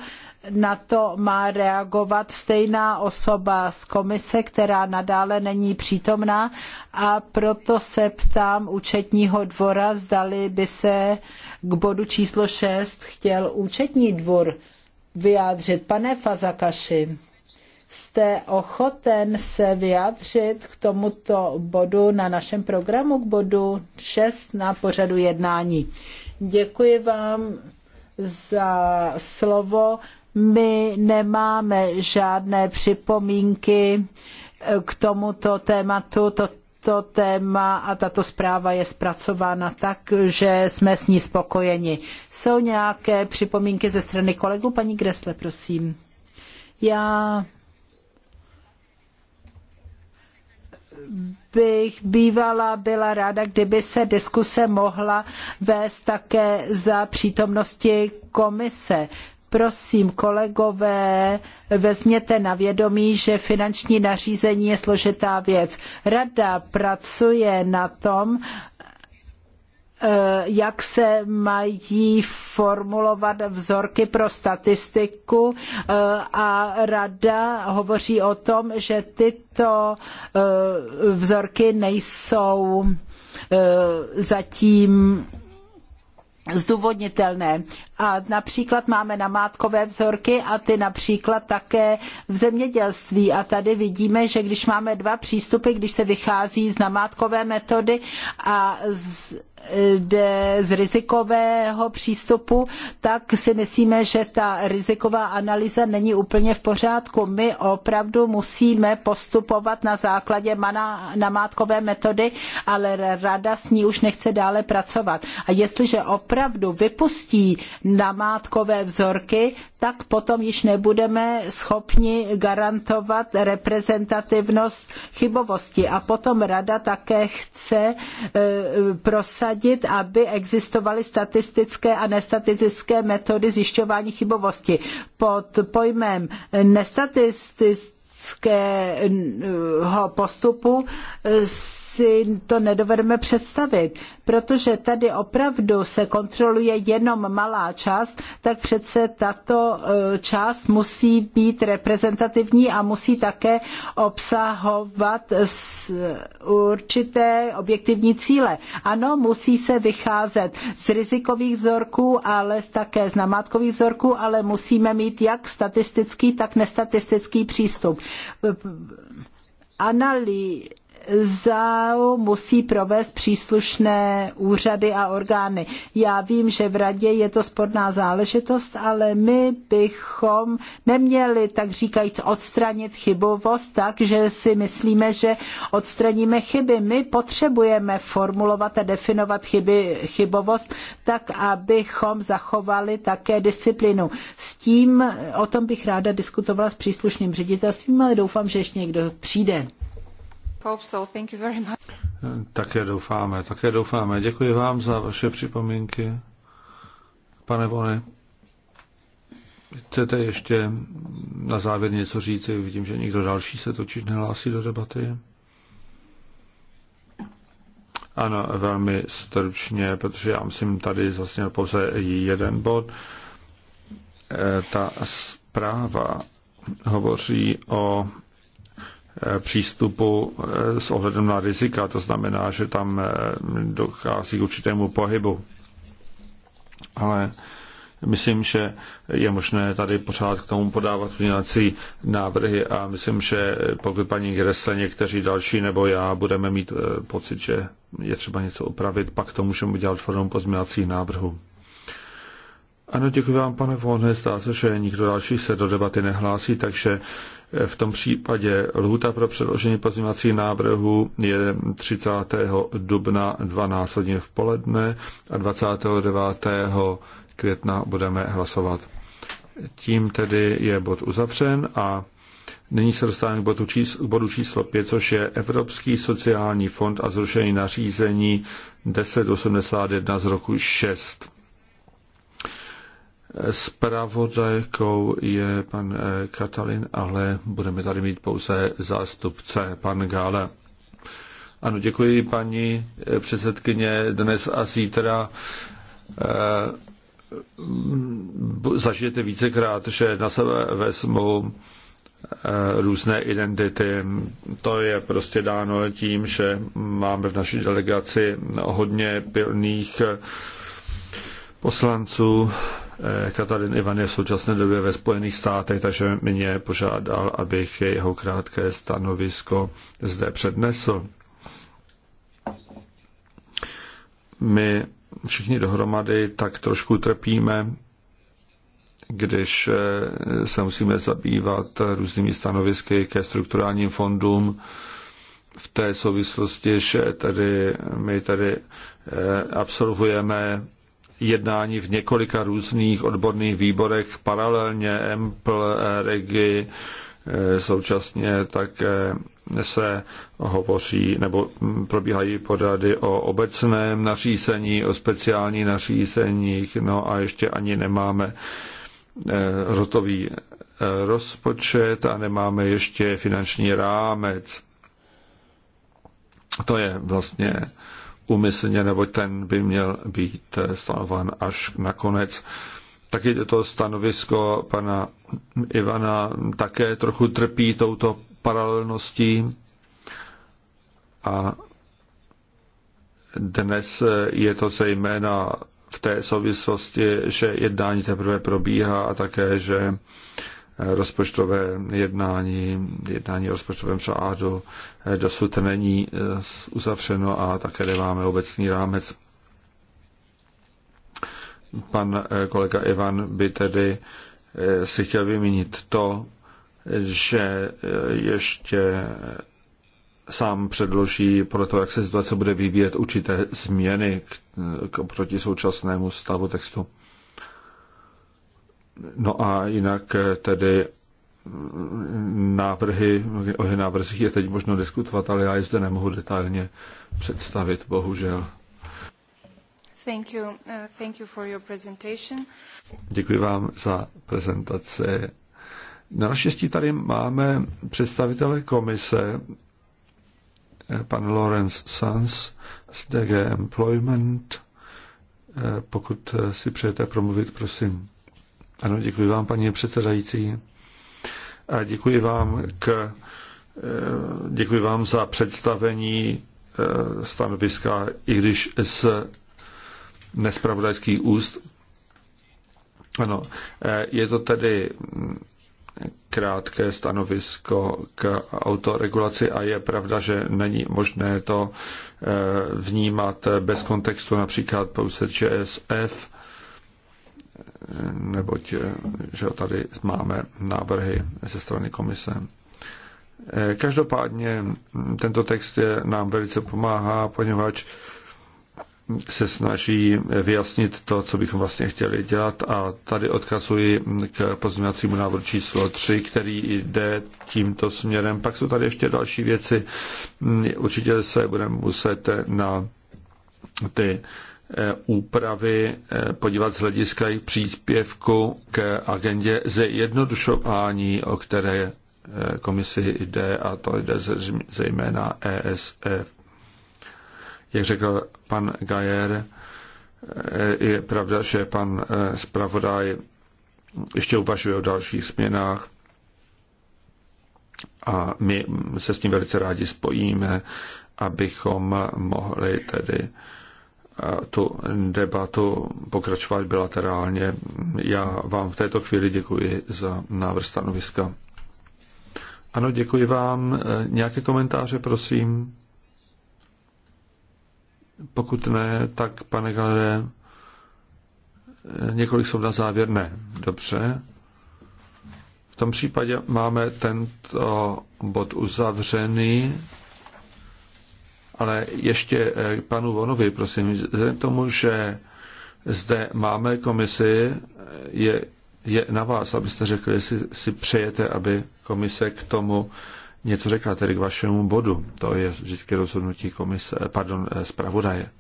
na to má reagovat stejná osoba z komise, která nadále není přítomná a proto se ptám účetního dvora, zdali by se k bodu číslo 6 chtěl účetní dvor vyjádřit. Pane Fazakaši jste ochoten se vyjádřit k tomuto bodu na našem programu, k bodu 6 na pořadu jednání. Děkuji vám za slovo. My nemáme žádné připomínky k tomuto tématu. Toto téma a tato zpráva je zpracována tak, že jsme s ní spokojeni. Jsou nějaké připomínky ze strany kolegů? Paní Gresle, prosím. Já bych bývala byla ráda, kdyby se diskuse mohla vést také za přítomnosti komise. Prosím, kolegové, vezměte na vědomí, že finanční nařízení je složitá věc. Rada pracuje na tom, Eh, jak se mají formulovat vzorky pro statistiku eh, a rada hovoří o tom, že tyto eh, vzorky nejsou zatím zdůvodnitelné. A například máme namátkové vzorky a ty například také v zemědělství. A tady vidíme, že když máme dva přístupy, když se vychází z namátkové metody a z jde z rizikového přístupu, tak si myslíme, že ta riziková analýza není úplně v pořádku. My opravdu musíme postupovat na základě namátkové metody, ale rada s ní už nechce dále pracovat. A jestliže opravdu vypustí namátkové vzorky, tak potom již nebudeme schopni garantovat reprezentativnost chybovosti. A potom rada také chce eh, prosadit prosadit, aby existovaly statistické a nestatistické metody zjišťování chybovosti. Pod pojmem nestatistického postupu s si to nedovedeme představit, protože tady opravdu se kontroluje jenom malá část, tak přece tato e, část musí být reprezentativní a musí také obsahovat e, určité objektivní cíle. Ano, musí se vycházet z rizikových vzorků, ale také z namátkových vzorků, ale musíme mít jak statistický, tak nestatistický přístup. E, Analýza zájmu musí provést příslušné úřady a orgány. Já vím, že v radě je to sporná záležitost, ale my bychom neměli, tak říkajíc, odstranit chybovost tak, že si myslíme, že odstraníme chyby. My potřebujeme formulovat a definovat chyby, chybovost tak, abychom zachovali také disciplínu. S tím, o tom bych ráda diskutovala s příslušným ředitelstvím, ale doufám, že ještě někdo přijde. Hope so. Thank you very much. Také doufáme, také doufáme. Děkuji vám za vaše připomínky. Pane Vone, chcete ještě na závěr něco říct? Vidím, že někdo další se totiž nehlásí do debaty. Ano, velmi stručně, protože já myslím, tady zasněl pouze jeden bod. E, ta zpráva hovoří o Eh, přístupu eh, s ohledem na rizika. To znamená, že tam eh, dochází k určitému pohybu. Ale myslím, že je možné tady pořád k tomu podávat pozměňovací návrhy a myslím, že pokud paní Gresle, někteří další nebo já budeme mít pocit, že je třeba něco opravit, pak to můžeme udělat formou pozměňovacích návrhů. Ano, děkuji vám, pane Volné. Zdá se, že nikdo další se do debaty nehlásí, takže v tom případě lhuta pro předložení pozměňovacích návrhů je 30. dubna 12 hodin v poledne a 29. května budeme hlasovat. Tím tedy je bod uzavřen a nyní se dostáváme k bodu číslo, bodu číslo 5, což je Evropský sociální fond a zrušení nařízení 1081 z roku 6. Spravodajkou je pan eh, Katalin, ale budeme tady mít pouze zástupce pan Gále. Ano, děkuji paní eh, předsedkyně. Dnes a zítra eh, zažijete vícekrát, že na sebe vezmu různé identity. To je prostě dáno tím, že máme v naší delegaci hodně pilných poslanců Eh, Katalin Ivan je v současné době ve Spojených státech, takže mě požádal, abych jeho krátké stanovisko zde přednesl. My všichni dohromady tak trošku trpíme, když eh, se musíme zabývat různými stanovisky ke strukturálním fondům, v té souvislosti, že tedy my tady eh, absolvujeme jednání v několika různých odborných výborech paralelně, EMPL, REGI, eh, současně také se hovoří nebo probíhají pořady o obecném nařízení, o speciální nařízeních, no a ještě ani nemáme eh, hotový eh, rozpočet a nemáme ještě finanční rámec. To je vlastně umyslně, nebo ten by měl být eh, stanovan až na konec. Taky to stanovisko pana Ivana také trochu trpí touto paralelností a dnes eh, je to zejména v té souvislosti, že jednání teprve probíhá a také, že rozpočtové jednání, jednání o rozpočtovém do eh, dosud není eh, uzavřeno a také nemáme obecný rámec. Pan eh, kolega Ivan by tedy si chtěl vymínit to, že ještě sám předloží pro to, jak se situace bude vyvíjet, určité změny k, k, proti současnému stavu textu. No a jinak eh, tedy mm, návrhy, o návrzích je teď možno diskutovat, ale já je zde nemohu detailně představit, bohužel. Thank you. Uh, Thank you for your presentation. Děkuji vám za prezentaci. Na naštěstí tady máme představitele komise, eh, pan Lawrence Sans z DG Employment. Pokud si přejete promluvit, prosím. Ano, děkuji vám, paní předsedající. A děkuji vám k eh, Děkuji vám za představení eh, stanoviska, i když z nespravodajských úst. Ano, eh, je to tedy hm, krátké stanovisko k autoregulaci a je pravda, že není možné to vnímat bez kontextu například pouze ČSF, neboť eh, že tady máme návrhy ze strany komise. Eh, každopádně hm, tento text nám velice pomáhá, poněvadž se snaží vyjasnit to, co bychom vlastně chtěli dělat a tady odkazuji k pozměňovacímu návrhu číslo 3, který jde tímto směrem. Pak jsou tady ještě další věci. Hm, určitě se budeme muset na ty Eh, úpravy eh, podívat z hlediska jejich příspěvku k agendě zjednodušování, o které eh, komisi jde, a to jde zejména ESF. Jak řekl pan Gajer, je pravda, že pan zpravodaj ještě uvažuje o dalších změnách a my se s tím velice rádi spojíme, abychom mohli tedy tu debatu pokračovat bilaterálně. Já vám v této chvíli děkuji za návrh stanoviska. Ano, děkuji vám. Nějaké komentáře, prosím? Pokud ne, tak pane Galere, několik slov na závěr ne. Dobře. V tom případě máme tento bod uzavřený. Ale ještě k eh, panu Vonovi, prosím, vzhledem tomu, že zde máme komisi, eh, je, je na vás, abyste řekli, jestli si přejete, aby komise k tomu něco řekla, tedy k vašemu bodu. To je vždycky rozhodnutí komise, eh, pardon, zpravodaje.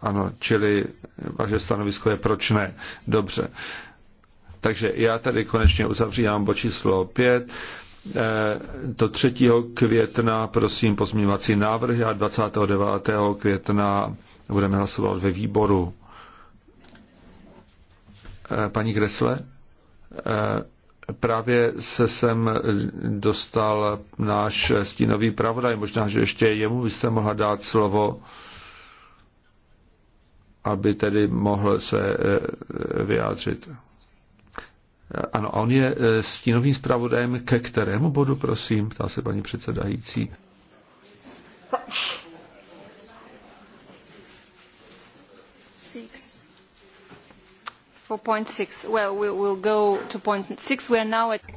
Ano, čili vaše stanovisko je proč ne. Dobře. Takže já tady konečně uzavřívám bod číslo 5 do 3. května prosím pozměňovací návrhy a 29. května budeme hlasovat ve výboru. Paní Kresle, právě se sem dostal náš stínový pravodaj, možná, že ještě jemu byste mohla dát slovo, aby tedy mohl se eh, vyjádřit. Eh, ano, on je eh, stínovým zpravodajem ke kterému bodu, prosím, ptá se paní předsedající.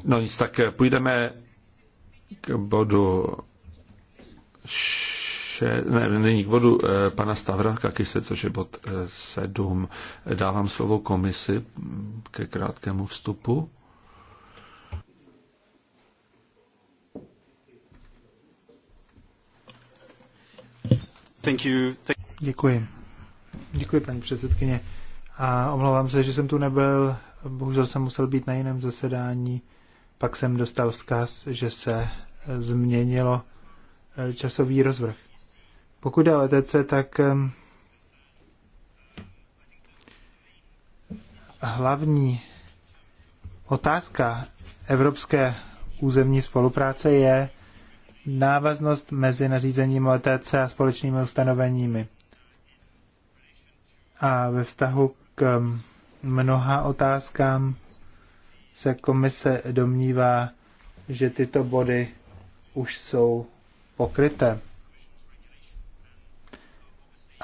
No nic, tak eh, půjdeme k bodu 6, ne, není k bodu eh, pana Stavra se, což je bod 7. Eh, Dávám slovo komisi ke krátkému vstupu. Thank you. Thank Děkuji. Děkuji, paní předsedkyně. A omlouvám se, že jsem tu nebyl. Bohužel jsem musel být na jiném zasedání. Pak jsem dostal vzkaz, že se eh, změnilo časový rozvrh. Pokud jde o letece, tak hlavní otázka evropské územní spolupráce je návaznost mezi nařízením OTC a společnými ustanoveními. A ve vztahu k mnoha otázkám se komise domnívá, že tyto body už jsou pokryté.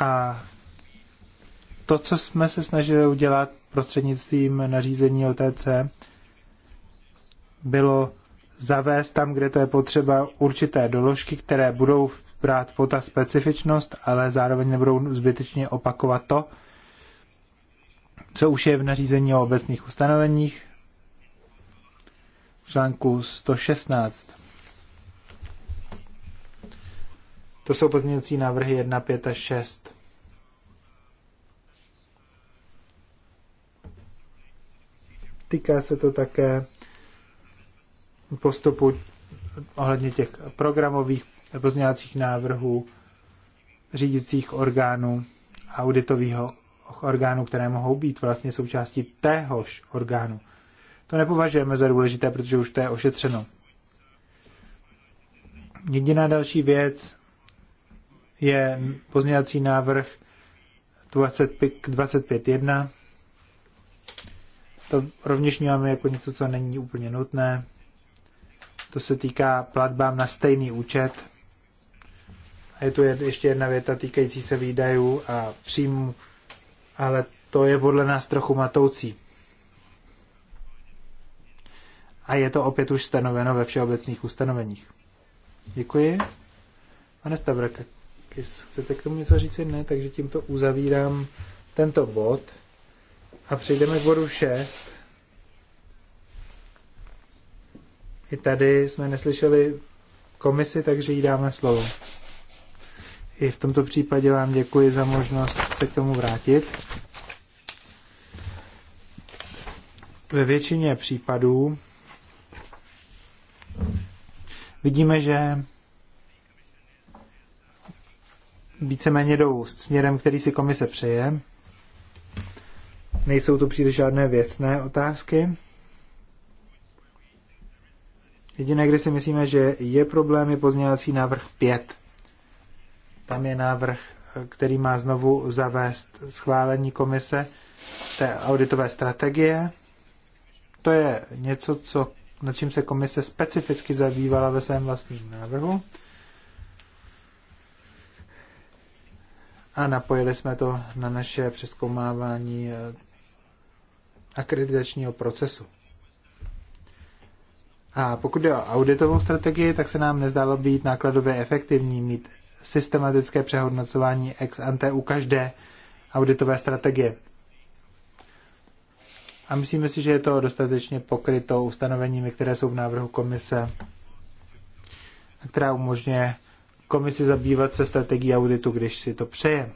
A to, co jsme se snažili udělat prostřednictvím nařízení LTC, bylo zavést tam, kde to je potřeba, určité doložky, které budou brát pota specifičnost, ale zároveň nebudou zbytečně opakovat to, co už je v nařízení o obecných ustanoveních v článku 116 To jsou pozměňovací návrhy 1, 5 a 6. Týká se to také postupu ohledně těch programových pozměňovacích návrhů, řídicích orgánů, a auditového orgánu, které mohou být vlastně součástí téhož orgánu. To nepovažujeme za důležité, protože už to je ošetřeno. Jediná další věc, je pozměňovací návrh 25.1. To rovněž máme jako něco, co není úplně nutné. To se týká platbám na stejný účet. A je tu ještě jedna věta týkající se výdajů a příjmů, ale to je podle nás trochu matoucí. A je to opět už stanoveno ve všeobecných ustanoveních. Děkuji. Pane Stavrek, Chcete k tomu něco říct? Ne, takže tímto uzavírám tento bod a přejdeme k bodu 6. I tady jsme neslyšeli komisi, takže jí dáme slovo. I v tomto případě vám děkuji za možnost se k tomu vrátit. Ve většině případů vidíme, že víceméně jdou směrem, který si komise přeje. Nejsou tu příliš žádné věcné otázky. Jediné, kde si myslíme, že je problém, je pozměňovací návrh 5. Tam je návrh, který má znovu zavést schválení komise té auditové strategie. To je něco, co, na čím se komise specificky zabývala ve svém vlastním návrhu. a napojili jsme to na naše přeskoumávání eh, akreditačního procesu. A pokud jde o auditovou strategii, tak se nám nezdálo být nákladově efektivní mít systematické přehodnocování ex ante u každé auditové strategie. A myslíme si, že je to dostatečně pokryto ustanoveními, které jsou v návrhu komise, která umožňuje komisi zabývat se strategií auditu, když si to přeje.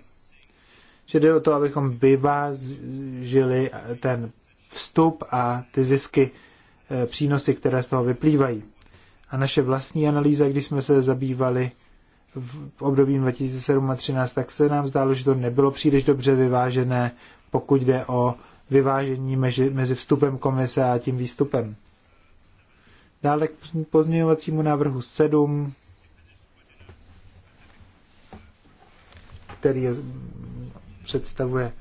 Že jde o to, abychom vyvážili ten vstup a ty zisky, e, přínosy, které z toho vyplývají. A naše vlastní analýza, když jsme se zabývali v období 2007 a 2013, tak se nám zdálo, že to nebylo příliš dobře vyvážené, pokud jde o vyvážení mezi, mezi vstupem komise a tím výstupem. Dále k pozměňovacímu návrhu 7 který představuje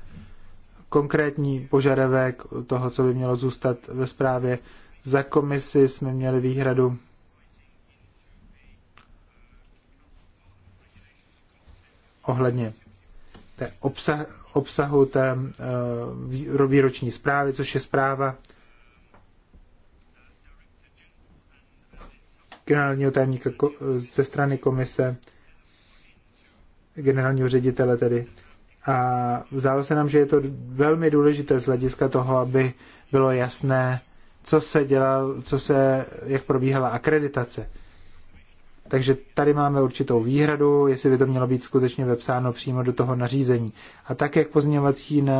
konkrétní požadavek toho, co by mělo zůstat ve zprávě. Za komisi jsme měli výhradu ohledně té obsah, obsahu té eh, výroční zprávy, což je zpráva generálního tajemníka ze strany komise generálního ředitele tedy. A zdálo se nám, že je to velmi důležité z hlediska toho, aby bylo jasné, co se dělal, co se, jak probíhala akreditace. Takže tady máme určitou výhradu, jestli by to mělo být skutečně vepsáno přímo do toho nařízení. A tak, jak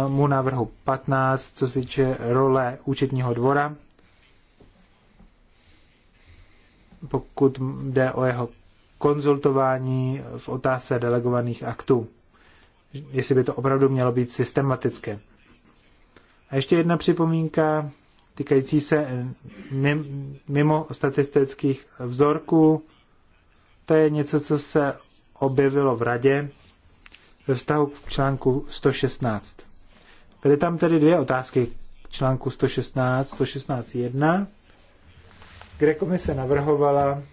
mu návrhu 15, co se týče role účetního dvora, pokud jde o jeho konzultování v otázce delegovaných aktů. Jestli by to opravdu mělo být systematické. A ještě jedna připomínka týkající se mimo statistických vzorků. To je něco, co se objevilo v radě ve vztahu k článku 116. Byly tam tedy dvě otázky k článku 116, 116.1, kde komise navrhovala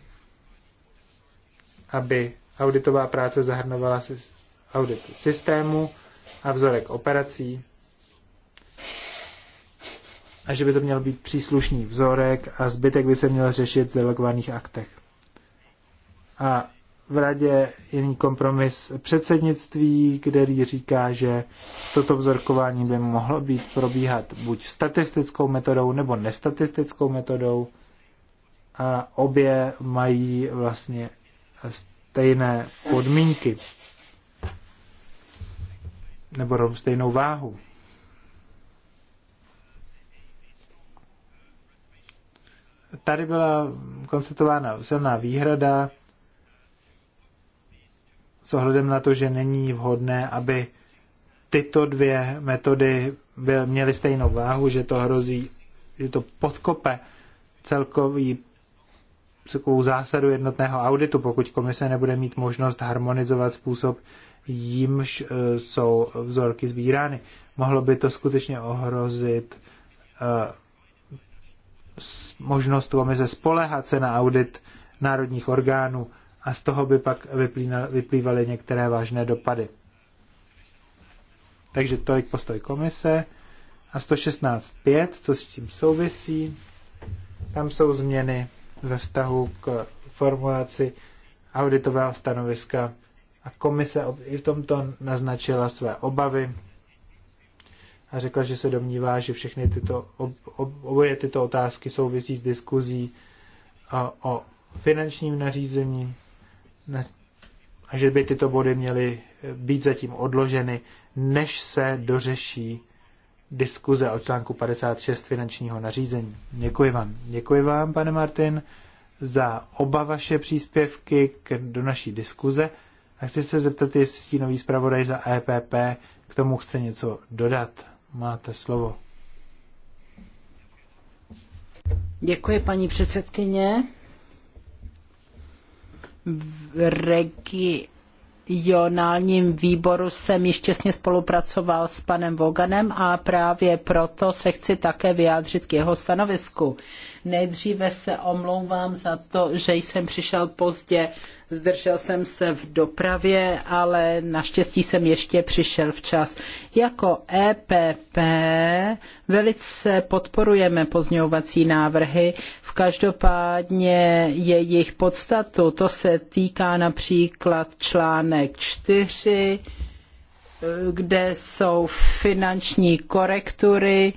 aby auditová práce zahrnovala audit systému a vzorek operací a že by to měl být příslušný vzorek a zbytek by se měl řešit v delegovaných aktech. A v radě jiný kompromis předsednictví, který říká, že toto vzorkování by mohlo být probíhat buď statistickou metodou nebo nestatistickou metodou a obě mají vlastně stejné podmínky nebo stejnou váhu. Tady byla konstatována silná výhrada s ohledem na to, že není vhodné, aby tyto dvě metody byl, měly stejnou váhu, že to hrozí, že to podkope celkový takovou zásadu jednotného auditu, pokud komise nebude mít možnost harmonizovat způsob, jímž eh, jsou vzorky sbírány. Mohlo by to skutečně ohrozit eh, možnost komise spolehat se na audit národních orgánů a z toho by pak vyplývaly některé vážné dopady. Takže to je postoj komise. A 116.5, co s tím souvisí, tam jsou změny ve vztahu k formulaci auditového stanoviska a komise i v tomto naznačila své obavy a řekla, že se domnívá, že všechny tyto, ob, ob, oboje tyto otázky souvisí s diskuzí a, o finančním nařízení na, a že by tyto body měly být zatím odloženy, než se dořeší diskuze o článku 56 finančního nařízení. Děkuji vám. Děkuji vám, pane Martin, za oba vaše příspěvky k, do naší diskuze. A chci se zeptat, jestli stínový zpravodaj za EPP k tomu chce něco dodat. Máte slovo. Děkuji, paní předsedkyně. V regi regionálním výboru jsem již těsně spolupracoval s panem Voganem a právě proto se chci také vyjádřit k jeho stanovisku. Nejdříve se omlouvám za to, že jsem přišel pozdě. Zdržel jsem se v dopravě, ale naštěstí jsem ještě přišel včas. Jako EPP velice podporujeme pozňovací návrhy. V každopádně jejich podstatu, to se týká například článek 4, kde jsou finanční korektury,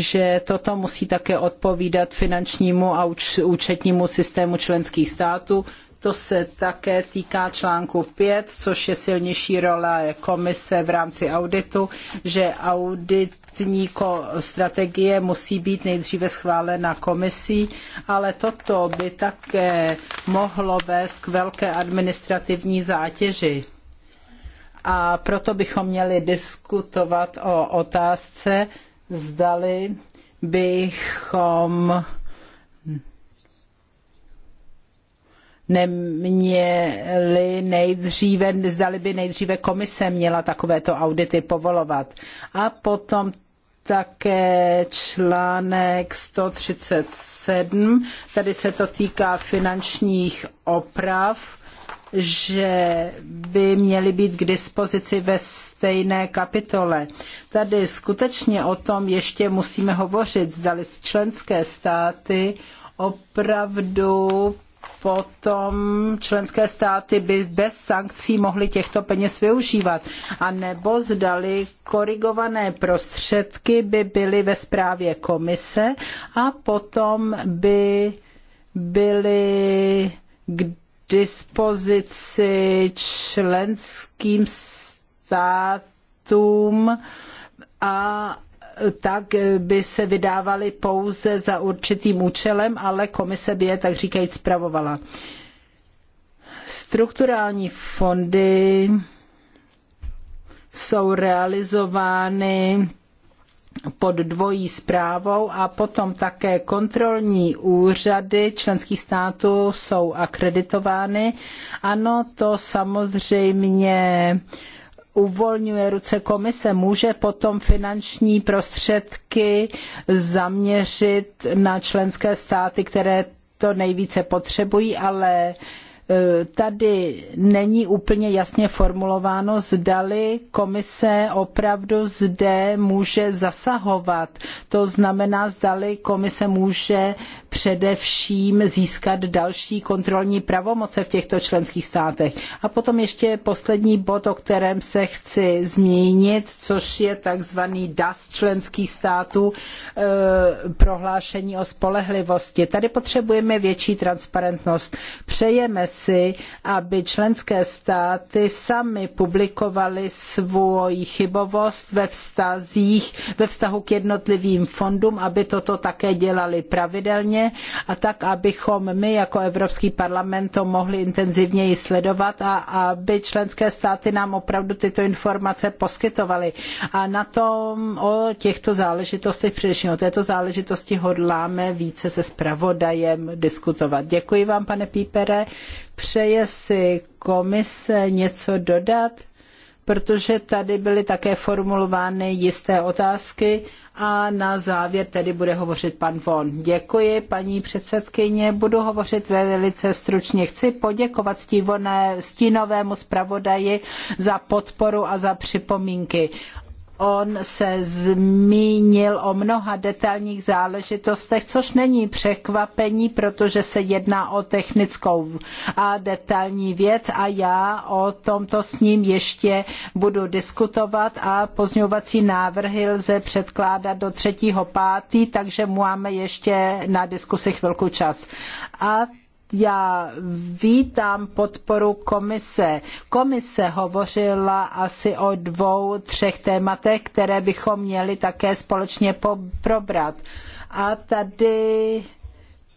že toto musí také odpovídat finančnímu a účetnímu systému členských států. To se také týká článku 5, což je silnější role komise v rámci auditu, že auditní strategie musí být nejdříve schválena komisí, ale toto by také mohlo vést k velké administrativní zátěži a proto bychom měli diskutovat o otázce, zdali bychom neměli nejdříve, zdali by nejdříve komise měla takovéto audity povolovat. A potom také článek 137, tady se to týká finančních oprav že by měly být k dispozici ve stejné kapitole. Tady skutečně o tom ještě musíme hovořit, zdali členské státy opravdu potom členské státy by bez sankcí mohly těchto peněz využívat. A nebo zdali korigované prostředky by byly ve správě komise a potom by byly k dispozici členským státům a tak by se vydávaly pouze za určitým účelem, ale komise by je tak říkajíc spravovala. Strukturální fondy jsou realizovány pod dvojí zprávou a potom také kontrolní úřady členských států jsou akreditovány. Ano, to samozřejmě uvolňuje ruce komise, může potom finanční prostředky zaměřit na členské státy, které to nejvíce potřebují, ale uh, E, tady není úplně jasně formulováno, zdali komise opravdu zde může zasahovat. To znamená, zdali komise může především získat další kontrolní pravomoce v těchto členských státech. A potom ještě poslední bod, o kterém se chci zmínit, což je takzvaný DAS členských států, e, prohlášení o spolehlivosti. Tady potřebujeme větší transparentnost. Přejeme si chci, aby členské státy sami publikovaly svoji chybovost ve, vztazích, ve vztahu k jednotlivým fondům, aby toto také dělali pravidelně a tak, abychom my jako Evropský parlament to mohli intenzivněji sledovat a aby členské státy nám opravdu tyto informace poskytovaly. A na tom o těchto záležitostech, především o této záležitosti hodláme více se zpravodajem diskutovat. Děkuji vám, pane Pípere. Přeje si komise něco dodat? Protože tady byly také formulovány jisté otázky a na závěr tedy bude hovořit pan Von. Děkuji, paní předsedkyně, budu hovořit velice stručně. Chci poděkovat stívoné, stínovému zpravodaji za podporu a za připomínky on se zmínil o mnoha detailních záležitostech, což není překvapení, protože se jedná o technickou a detailní věc a já o tomto s ním ještě budu diskutovat a pozňovací návrhy lze předkládat do 3. 5., takže máme ještě na diskusi chvilku čas. A já vítám podporu komise. Komise hovořila asi o dvou, třech tématech, které bychom měli také společně probrat. A tady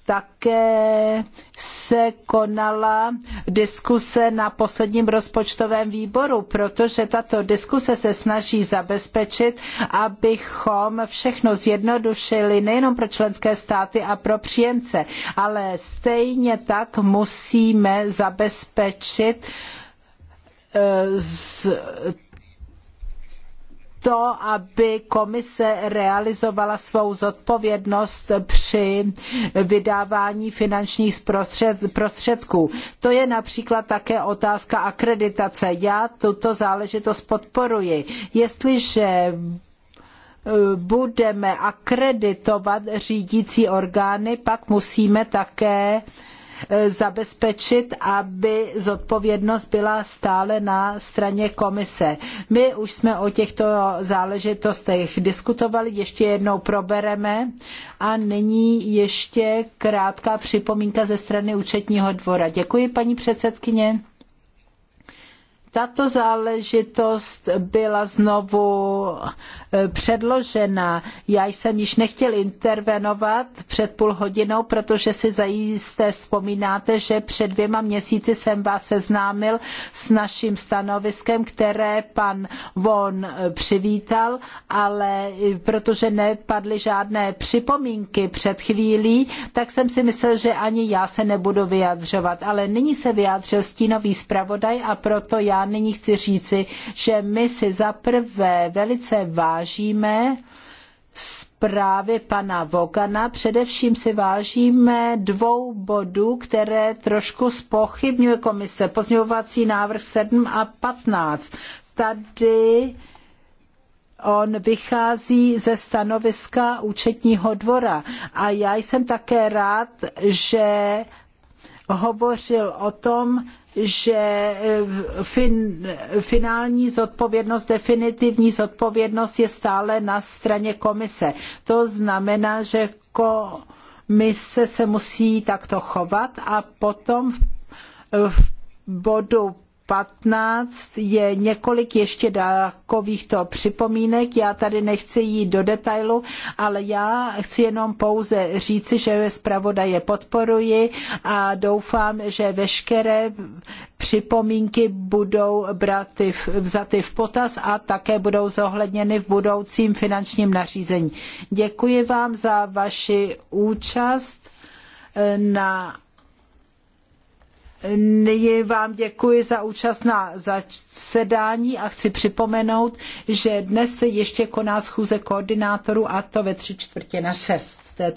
také se konala diskuse na posledním rozpočtovém výboru, protože tato diskuse se snaží zabezpečit, abychom všechno zjednodušili nejenom pro členské státy a pro příjemce, ale stejně tak musíme zabezpečit eh, z to, aby komise realizovala svou zodpovědnost při vydávání finančních prostředků. To je například také otázka akreditace. Já tuto záležitost podporuji. Jestliže budeme akreditovat řídící orgány, pak musíme také Eh, zabezpečit, aby zodpovědnost byla stále na straně komise. My už jsme o těchto záležitostech diskutovali, ještě jednou probereme a nyní ještě krátká připomínka ze strany účetního dvora. Děkuji, paní předsedkyně tato záležitost byla znovu e, předložena. Já jsem již nechtěl intervenovat před půl hodinou, protože si zajisté vzpomínáte, že před dvěma měsíci jsem vás seznámil s naším stanoviskem, které pan Von e, přivítal, ale e, protože nepadly žádné připomínky před chvílí, tak jsem si myslel, že ani já se nebudu vyjadřovat. Ale nyní se vyjádřil stínový zpravodaj a proto já já nyní chci říci, že my si zaprvé velice vážíme zprávy pana Vogana. Především si vážíme dvou bodů, které trošku spochybňuje komise. Pozměňovací návrh 7 a 15. Tady on vychází ze stanoviska účetního dvora. A já jsem také rád, že hovořil o tom, že eh, fin, finální zodpovědnost, definitivní zodpovědnost je stále na straně komise. To znamená, že komise se musí takto chovat a potom v bodu 15 je několik ještě takovýchto připomínek. Já tady nechci jít do detailu, ale já chci jenom pouze říci, že zpravodaje podporuji a doufám, že veškeré připomínky budou braty vzaty v potaz a také budou zohledněny v budoucím finančním nařízení. Děkuji vám za vaši účast na Nyní vám děkuji za účast na zasedání a chci připomenout, že dnes se ještě koná schůze koordinátorů a to ve tři čtvrtě na šest v této